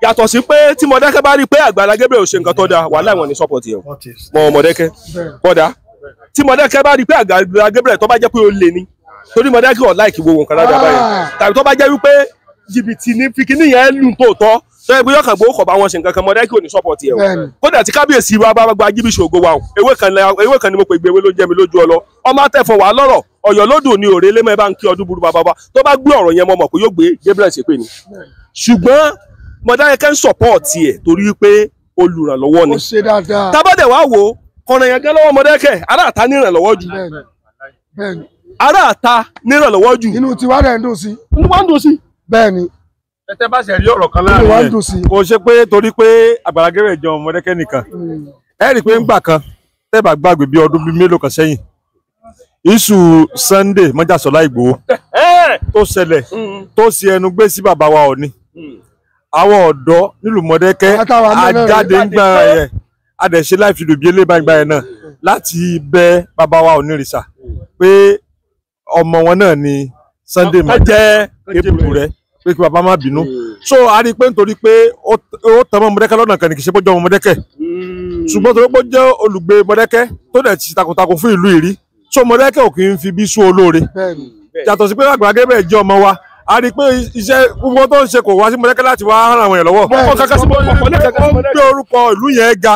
yàtọ̀ sí pé tí Mọdákẹ́kẹ́ bá rí i pé Àgbàlá Gabriel ò ṣe nǹkan tó dáa wàhálà ìwọ̀n ní sọ́pọ̀tì ẹ̀ mọ Mọdákẹ́kẹ́ bọ́dà tí Mọdákẹ́ bá rí pé Àgbàlá Gabriel tó bá jẹ́ pé ó lè ní torí Mọdákẹ́ ọ̀ láìkí wo nǹkan lájà báyìí ah. tàbí tó bá jẹ́ wípé jìbìtì ní fi kíní yẹn lù tòótọ́ tó yẹ pé yọkàn gbowó kọ̀ bá wọn ṣe nǹkan kan Mọdákẹ́ ò sọ́pọ̀tì ẹ̀ kódà tí kábíyèsí wa bá gba jíbi ṣògo wa ewé kan ni mo pè gbé ewé ló jẹ́ mi lójú ọlọ ọmọ atẹ́fọ̀ wà lọ́rọ̀ Ọ̀yọ́ lódò ni òrè lé mẹ́bàá ni ṣùgbọ́n Mọdákẹ́ wo kọ̀ràn yẹn lọ́wọ́ Mọdákẹ́kẹ́ ara nírànlọ́wọ́ jù aráàta jù. inú tiwa rẹ̀ ń dùn sí. inú wa ń dùn sí. tẹtẹ bá ṣe rí ọ̀rọ̀ kan láàrin kò ṣe pé torí pé Àgbàlá jọ nìkan hmm. ẹ rí i pé bíi mélòó kan sẹ́yìn iṣu Ìgbòho tó hmm. tó ṣe ẹnu gbé sí bàbá wa hmm. àwọn nílùú àjáde ń a dẹ̀ ṣe live video bí elégbàgbà yẹn náà láti bẹ bàbá wa onírìṣà pé ọmọ wọn náà ni Sunday máa jẹ́ èpù rẹ pé kí bàbá má bínú so a rí i pé nítorí pé ó tàn mọ́ Mọdákẹ́ lọ́nà kan ní kì í ṣe pọ́jọ́ Mọdákẹ́ hmm. ṣùgbọ́n torí pé ó jẹ́ olùgbé Mọdákẹ́ tó dẹ̀ ti takuntakun fún ìlú ìrí so Mọdákẹ́ ò kì í fi bí sú olóore yàtọ̀ sí pé àgbàlagbà bẹ́ẹ̀ jẹ́ ọmọ wa a rí i pé iṣẹ́ gbogbo tó ń ṣe kò wá sí mọ̀lẹ́kẹ́ láti wá ràn àwọn èèyàn lọ́wọ́. ó ń gbé orúkọ ìlú yẹn ga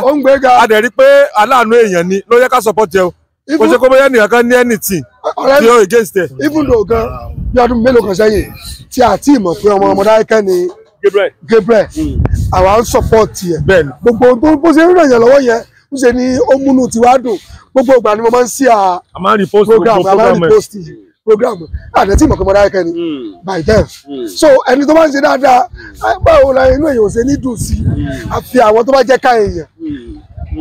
a dẹ̀ rí i pé aláàánú èèyàn ni ló yẹ ká support ẹ o kò ṣe kó bóyá ènìyàn kan ní anything tí ó against ẹ. even though gan bí ọdún mélòó kan sẹ́yìn tí a ti mọ̀ pé ọmọ ọmọdé akẹ́kẹ́ ni Gabriel hmm. àwa ń support ẹ gbogbo tó bó ṣe ń ràn yàn lọ́wọ́ yẹn ń ṣe ni ó múnú tiwa dùn gbogbo ìgbà ni mo máa ń ṣí à program àmà repost program àdẹ̀tí ìmọ̀ kọmọdé ayẹkẹ ni by then hmm. so ẹni tó bá ń ṣe dáadáa hmm. ah, báwo la inú èèyàn ò ṣe ní dùn sí àfi hmm. àwọn tó bá jẹ́ ká èèyàn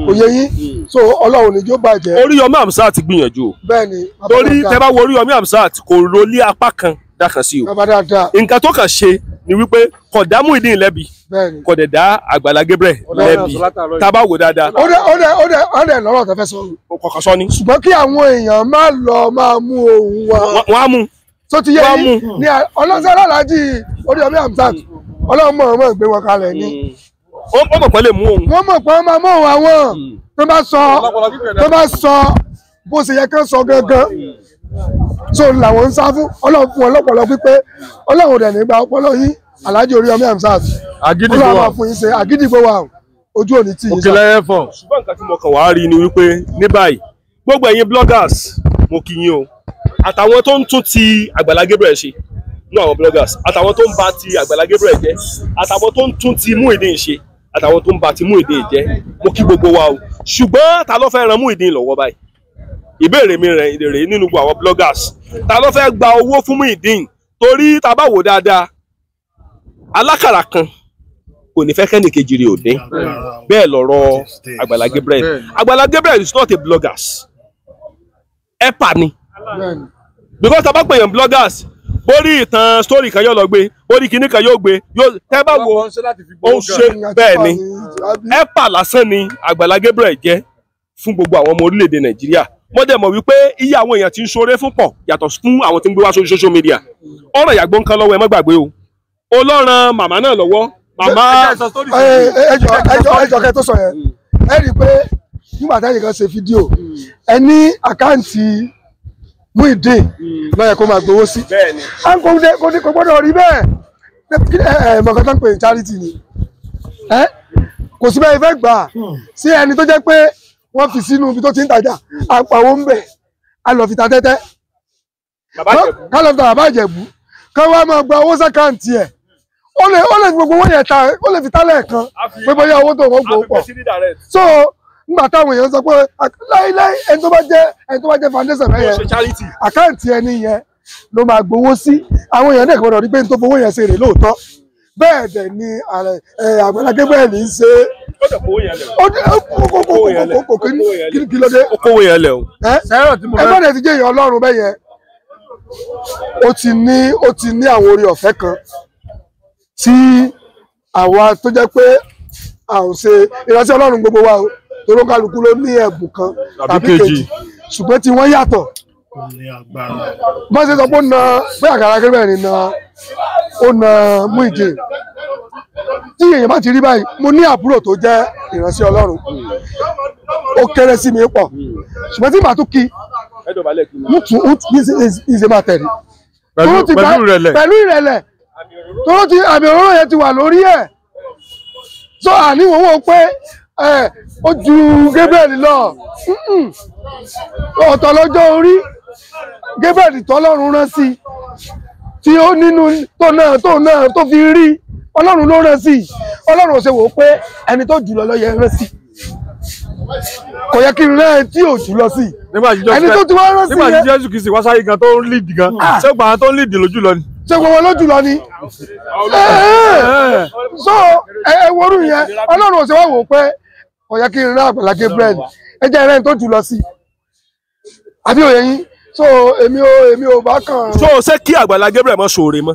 òye yín so ọlọ́run níjó bàjẹ́. oríyọmí amsat gbìyànjú o bẹ́ẹ̀ni torí tẹ bá wo oríyọmí amsat kò rọlé apá kan dákan sí o nǹkan tó kàn ṣe ni wípé kò dá Muyideen lẹ́bi kò dẹ̀ dá Àgbàlá Gabriel lẹ́bi tá a bá wò dáadáa. ó dẹ̀ ó dẹ̀ ó dẹ̀ ó dẹ̀ lọ́rọ̀ tó sọ. o kọ̀kan sọ ni. ṣùgbọ́n kí àwọn èèyàn má lọ máa mú ohun wa. wọ́n á mú. tó ti yẹ yín ni ọlọ́sẹ̀ aláàjì Oríyọmí Hamzat ọlọ́run mọ̀ ọmọ ìgbé wọn kalẹ̀ ni. ó mọ̀ pẹ́ lè mú òun. wọ́n mọ̀ pé wọ́n máa mú òun àwọn hmm. tó bá sọ bó ṣe yẹ so làwọn ń sá fún ọlọ́run fún ọlọ́pọ̀lọ́ pípé ọlọ́run dẹ̀ nígbà ọpọlọ yín aláàjì Oríyọmí Hamzat ọlọ́run máa fún yín ṣe àgídìgbò wa ojú òní tí yín sá. òkèlè ẹ̀fọ́ ṣùgbọ́n nǹkan tí mo kàn wá rí ni wípé ní báyìí gbogbo ẹ̀yin bloggers mo kí yín o àtàwọn tó ń tún ti Àgbàlá Gabriel ṣe ní àwọn bloggers àtàwọn tó ń ba ti Àgbàlá Gabriel jẹ́ àtàwọn tó ń tún ti Muyideen ṣe àtàwọn tó ń ba ti Muyideen jẹ́ mo kí gbogbo wa o ṣùgbọ́n ta ló fẹ́ ran lọ́wọ́ báyìí ìbéèrè mi rèé nínú gbogbo àwọn bloggers ta ló fẹ́ gba owó fún Muyideen torí ta bá wò dáadáa alákàrà kan kò ní fẹ́ kẹ́nìkejì rè òde bẹ́ẹ̀ lọ́rọ̀ Àgbàlá Gabriel Àgbàlá Gabriel is not a bloggers ẹ̀pà ni because ta bá pèyàn bloggers bórí ìtàn story kan yóò lọ gbé bórí kinní kan yóò gbé yóò tẹ bá wo ó ń ṣe bẹ́ẹ̀ ni ẹ̀pà lásán ni Àgbàlá Gabriel jẹ́ fún gbogbo àwọn ọmọ orílẹ̀-èdè Nàìjíríà wọ́n dẹ̀ mọ̀ wípé iye àwọn èèyàn ti ń ṣoore fún pọ̀ yàtọ̀ fún àwọn tí ń gbé wá sórí social media ọ̀rọ̀ ìyàgbọ́ nǹkan lọ́wọ́ ẹ má gbàgbé o olóòràn màmá náà lọ́wọ́ màmá. ẹjọ ẹjọ ẹjọ kẹ tó sọ yẹn ẹ rí i pé nígbà táyì kan ṣe fídíò ẹ ní àkáǹtì Muyideen náà yẹ kó máa gbowó sí à ń kó ní kó ní kó gbọ́dọ̀ rí bẹ́ẹ̀ ẹ mọ̀ọ́kan tó ń pè ní charity ni kò sí bẹ́ẹ̀ ìfẹ́ gbà hmm. sí ẹni tó jẹ́ pé wọ́n fi sínú ibi tó ti ń tajà àpàwọ́ ń bẹ̀ a lọ fi ta tẹ́tẹ́ ká lọ fi ta bàbá ìjẹ̀bú ká wá máa gba owó sàkáǹtì ẹ̀ ó lè ó lè fi gbogbo owó yẹn ta ó lè fi tálẹ̀ kan pé bóyá owó tó wọ́n gbowó pọ̀ so nígbà táwọn èèyàn sọ pé láíláí ẹni tó bá jẹ́ ẹni tó bá jẹ́ foundation rẹ̀ yẹn àkáǹtì ẹni yẹn ló máa gbowó sí àwọn èèyàn náà gbọ́dọ̀ rí pé ní tó fowó yẹn ṣe rè lóòótọ́ bẹ́ẹ̀ dẹ̀ ni Àgbàlá Gabriel ń ṣe okòwò yẹn lẹ o. ẹ bá dẹ̀ ti jẹ́ èèyàn ọlọ́run bẹ́ẹ̀ yẹn ó ti ní ó ti ní àwọn orí ọ̀fẹ́ kan tí àwa tó jẹ́ pé à ń ṣe ìránṣẹ́ ọlọ́run gbogbo wa o toró kálukú ló ní ẹ̀bùn kan tàbí kejì ṣùgbọ́n tí wọ́n yàtọ̀ bọ́n ṣe sọ pé ó na pé àkàrà kéré bẹ́ẹ̀ ni na ó na mú ìjẹ́ tí èèyàn bá ti rí báyìí mo ní àbúrò tó jẹ́ ìránṣẹ́ Ọlọ́run ó kéré sí mi pọ̀ ṣùgbọ́n tí màá tún kí mo tún ní ṣe máa tẹ̀lé pẹ̀lú ìrẹ̀lẹ̀ tóró ti àmì òróró yẹn ti wà lórí ẹ̀ so àníwọ̀n wọ́n pé ó ju Gabriel lọ ọ̀tọ̀ lọ́jọ́ orí Gabriel tọ́lọ́run rán sí tí ó nínú tó náà tó náà tó fi rí ọlọ́run ló rán sí ọlọ́run ò ṣe wò ó pé ẹni tó jùlọ lọ yẹ rán sí kò yẹ kí n rán ẹ tí ò jùlọ sí ẹni tó ti wá rán sí yẹ. nígbà tí jésù kìí sì wá sáyé gan tó ń lead gan ah. ṣé gbàgbọ́n tó ń lead lójú ni. ṣé gbogbo lójú ni. Eh, eh. Eh. so ẹ worú yẹn ọlọ́run ò ṣe wá wò ó pé kò yẹ kí n rán Àgbàlá Gabriel ẹ jẹ́ ẹ̀rẹ́ tó jùlọ sí àbí òye yín so èmi ò èmi bá kàn. so ṣé kí Àgbàlá Gabriel mọ sóore mọ́.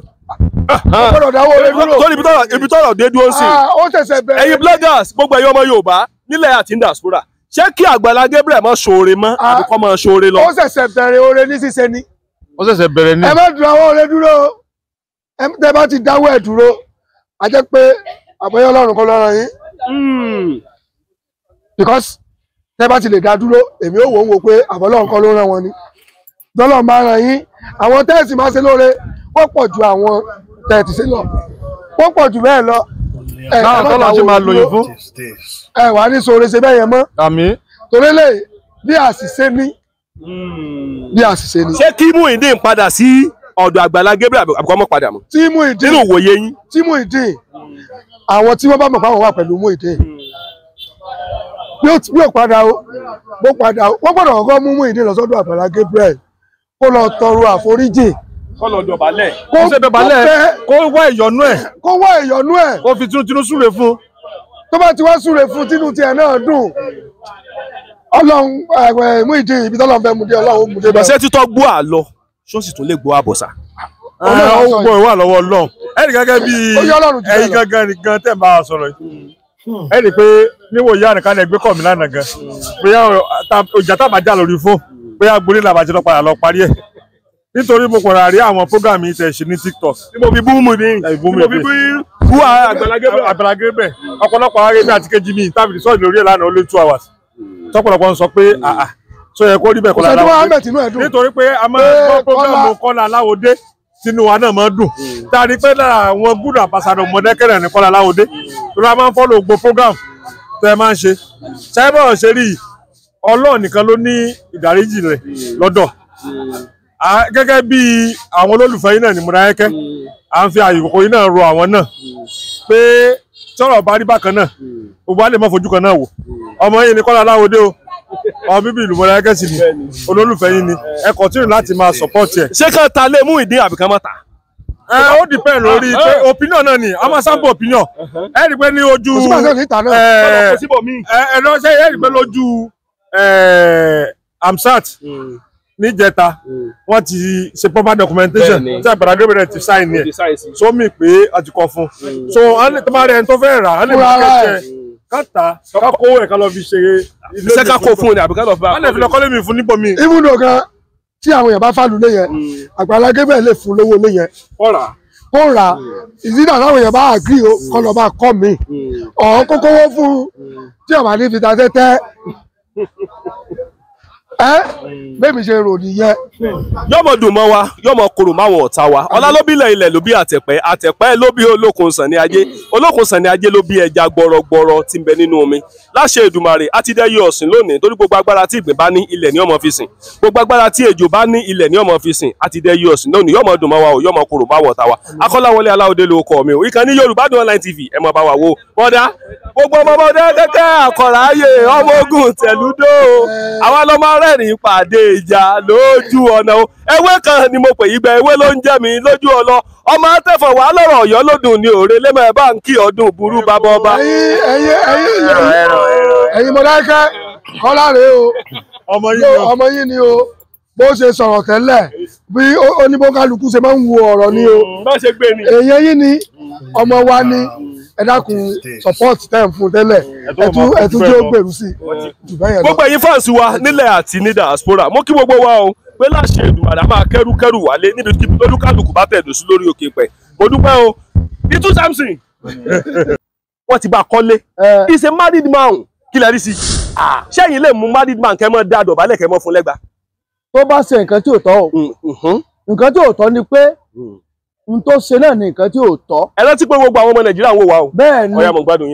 Ah, ah. ọgbọ́dọ̀ dáwọ́ rẹ dúró tó ní ibi tọ́rọ̀ dé dúró sí ah, ó ṣẹ̀ṣẹ̀ bẹ̀rẹ̀ ẹ̀yin bloggers gbogbo ẹ̀yin ọmọ Yorùbá nílẹ̀ àti diaspora ṣé kí Àgbàlá Gabriel mọ́ ṣoore mọ́ àbíkọ́ mọ́ ṣoore lọ. ó ṣẹ̀ṣẹ̀ bẹ̀rẹ̀ oore ní ṣíṣe ni. ó ṣẹ̀ṣẹ̀ bẹ̀rẹ̀ ni. ẹ má dáwọ́ rẹ dúró tẹ bá ti dáwọ́ ẹ dúró a jẹ́ pé àbọ̀yọ́ Ọlọ́run kan lọ́rọ̀ yín. Hmm. because tẹ bá ti lè dá dúró èmi ò wò ó wò pé àbọ̀ Ọlọ́run kan ló ràn wọ́n ni. dọ́lọ́ máa ràn yín àwọn tẹ́ẹ̀sì máa ṣe lóore wọ́n pọ̀ ju àwọn tẹ̀tì sí lọ wọ́n pọ̀ jù bẹ́ẹ̀ lọ. náà tọ́lọ́ ṣe máa lòyìn fún. ẹ wà ní sọ̀rọ̀ ṣe bẹ́ẹ̀ yẹn mọ́. àmín. torí lè bí àṣìṣe ní. bí àṣìṣe ní. ṣé kí Muyideen padà sí ọ̀dọ̀ àgbàlá Gabriel àbùkọ́ mọ́ padà mọ́. tí Muyideen nínú òwòye yín. tí Muyideen àwọn tí wọ́n bá mọ̀ fáwọn wà pẹ̀lú Muyideen bí ó padà ó bó padà ó wọ́n gbọ́dọ̀ kọ́kọ́ mú Muyideen lọ sọ́dọ̀ àgbàlá Gabriel kó lọ tọrọ àforíjì kọlọ dọ̀bálẹ̀ kó ṣe dọ̀bálẹ̀ kó wá ìyọ́nú ẹ̀ kó wá ìyọ́nú ẹ̀ kó fi tinútinú súre fún. tó bá ti wá súre fún tinú tiẹ̀ náà dùn Ọlọ́run ẹ mú ìdí ibi tọ́lọ́run fẹ́ mú dé Ọlọ́run mú dé bẹ́ẹ̀. ìgbésẹ̀ títọ́ gbó àlọ ṣọ́ọ̀ṣì tó lè gbó àbọ̀sà. Eh, ó gbọ́ ìwà lọ́wọ́ Ọlọ́run ẹ̀rì gẹ́gẹ́ bí ẹ̀yin gangan nìkan tẹ̀ bá a sọ̀rọ̀ yìí ẹni pé níwò ìyá nìkan ní ẹgbẹ́ kọ̀ mí lánàá gan bóyá ọjà tábàjá lórí fún bóyá gbolé làbàjẹ́ lọ padà lọ parí ẹ̀ nítorí mo kọ̀ra rí àwọn program yìí tẹ̀ ṣe ní tiktok. ibo bí búmù ni ibo bí bú àgbàlagbé bẹ̀ ọ̀pọ̀lọpọ̀ ara ẹgbẹ́ àti kejì mi ìtàbí sọ́ọ̀dì lórí ẹ̀ lánàá ó lé two hours hmm. tọ́pọ̀lọpọ̀ ń sọ pé àà ah, tó ah, yẹ kó rí bẹ́ẹ̀ kọ́lá aláwọ̀ nítorí pé a máa ń gbọ́ program kọ́lá aláwọ̀ dé tinú wa náà máa ń dùn hmm. tá a rí pé lára àwọn gúdù àpàsàdọ̀ mọ̀dẹ́kẹ̀rẹ̀ ní kọ́lá aláwọ̀ la hmm. máa ń fọ́lọ̀ gbogbo program tẹ́ ẹ máa ń ṣe ṣáíbọ̀ ṣe rí ọlọ́ọ̀ nìkan gẹ́gẹ́ bí àwọn olólùfẹ́ yìí náà ni Modákẹ́kẹ́ à hmm. ń fi àyòkò yìí náà rọ àwọn náà hmm. pé tọ́rọ̀ bá rí bákan náà hmm. gbogbo á lè mọ́ fojú kan náà wò ọmọ yìí ni Kọ́lá Láwọdé o ọmọ bíbí ìlú Modákẹ́kẹ́ sì ni olólùfẹ́ yìí ni ah, eh. ẹ continue láti máa support ẹ̀. ṣé ká ta lé mú ìdí àbíkan mọ́ta. ẹ ó depend ah, lórí pé eh. opinion náà ni a máa eh, sample opinion uh-huh. ẹ rí pé ní ojú ẹ ẹ lọ sẹ ẹ rí pé lójú Amsat níjẹta hmm. wọ́n ti ṣe proper documentation tí àgbàdo agreement hmm. ti sign yẹn so mi pé a ti kọ fún hmm. so tó bá rẹ̀ ẹni tó fẹ́ rà á lè má kẹ́kẹ́ káta kákó ẹ̀ ká lọ fi ṣe ilé ìṣẹ́ kákó fún ni àbí ká lọ fi bá a lè fi lọ kọ́lé mi fún níbo mi. ibùdó kan tí àwọn èèyàn bá fàlù lé yẹn àgbàdo agreement lè fún lówó lé yẹn. ọ̀rà kó ra ìdídà táwọn èèyàn bá àgírí o kọ́ lọ bá kọ́ mi ọ̀hún kókówó fún tí ọ̀bà ní fi ẹ bẹ́ẹ̀ mi ṣe rò nìyẹn. yọmọ dùn mọ́ wa yọmọ korò máwọn ọ̀tá wa ọlá ló bí ilẹ̀ ilẹ̀ ló bí àtẹ̀pẹ́ àtẹ̀pẹ́ ló bí olókun sàn ní ajé olókun sàn ní ajé ló bí ẹja gbọrọgbọrọ tí ń bẹ nínú omi láṣẹ Èdùmàrè àti dẹ́yẹ ọ̀sìn lónìí torí gbogbo agbára tí ìgbín bá ní ilẹ̀ ni ọmọ fi sìn gbogbo agbára tí ejò bá ní ilẹ̀ ni ọmọ fi sìn àti dẹ́yẹ ọ̀sìn lónìí yọmọ dùn mọ́ wa o yọmọ korò máwọn ọ̀tá wa akọ́láwọlé aláwọ̀dé ló kọ́ mi o Online TV ẹ wa wo bọ́dá gbogbo ọmọ bọ́dá kẹ́kẹ́ àkọ̀rọ̀ ayé ọmọ ogun tẹ̀lúdó rẹ́rìn-ín pàdé ìjà lójú ọ̀nà o ewé kan ni mo pè yí ewé ló ń jẹ́ mi lójú ọlọ ọmọ atẹ́fọ̀ wàá lọ́rọ̀ ọ̀yọ́ ni òrè lé mẹ́ẹ̀ bá ń kí ọdún burú bàbá ọba. mo dákẹ́ o ọmọ yín ni o bó ṣe sọ̀rọ̀ tẹ́lẹ̀ bí ṣe máa ń wo ọ̀rọ̀ ni o èèyàn yín ni ọmọ wa ni. ẹ dákun support ten fún tẹ́lẹ̀ ẹ tún jẹ́ ògbèrú sí jù bẹ́yẹn lọ. gbogbo ẹ̀yin fans wa nílẹ̀ àti ní diaspora mo kí gbogbo wa o pé láṣẹ Èdùmàrè máa kẹ́rù kẹ́rù wálé níbi tí olúkálùkù bá tẹ̀dù sí lórí òkè pẹ̀ mo dúpẹ́ o Little Samson wọ́n ti bá kọ́lé he's a married man kí lè rí sí sẹ́yìn lè mú married man kẹ́ mọ́ dá dọ̀bálẹ̀ kẹ́ mọ́ fún lẹ́gba. tó bá ṣe nǹkan tí ò tọ́ o mm, mhm. nǹkan tí ò tọ́ ni pé mm n tó ṣe náà ní nǹkan tí ò tọ́. ẹ rántí pé gbogbo àwọn ọmọ nàìjíríà ń wò wá o. bẹ́ẹ̀ ni gbádùn yín.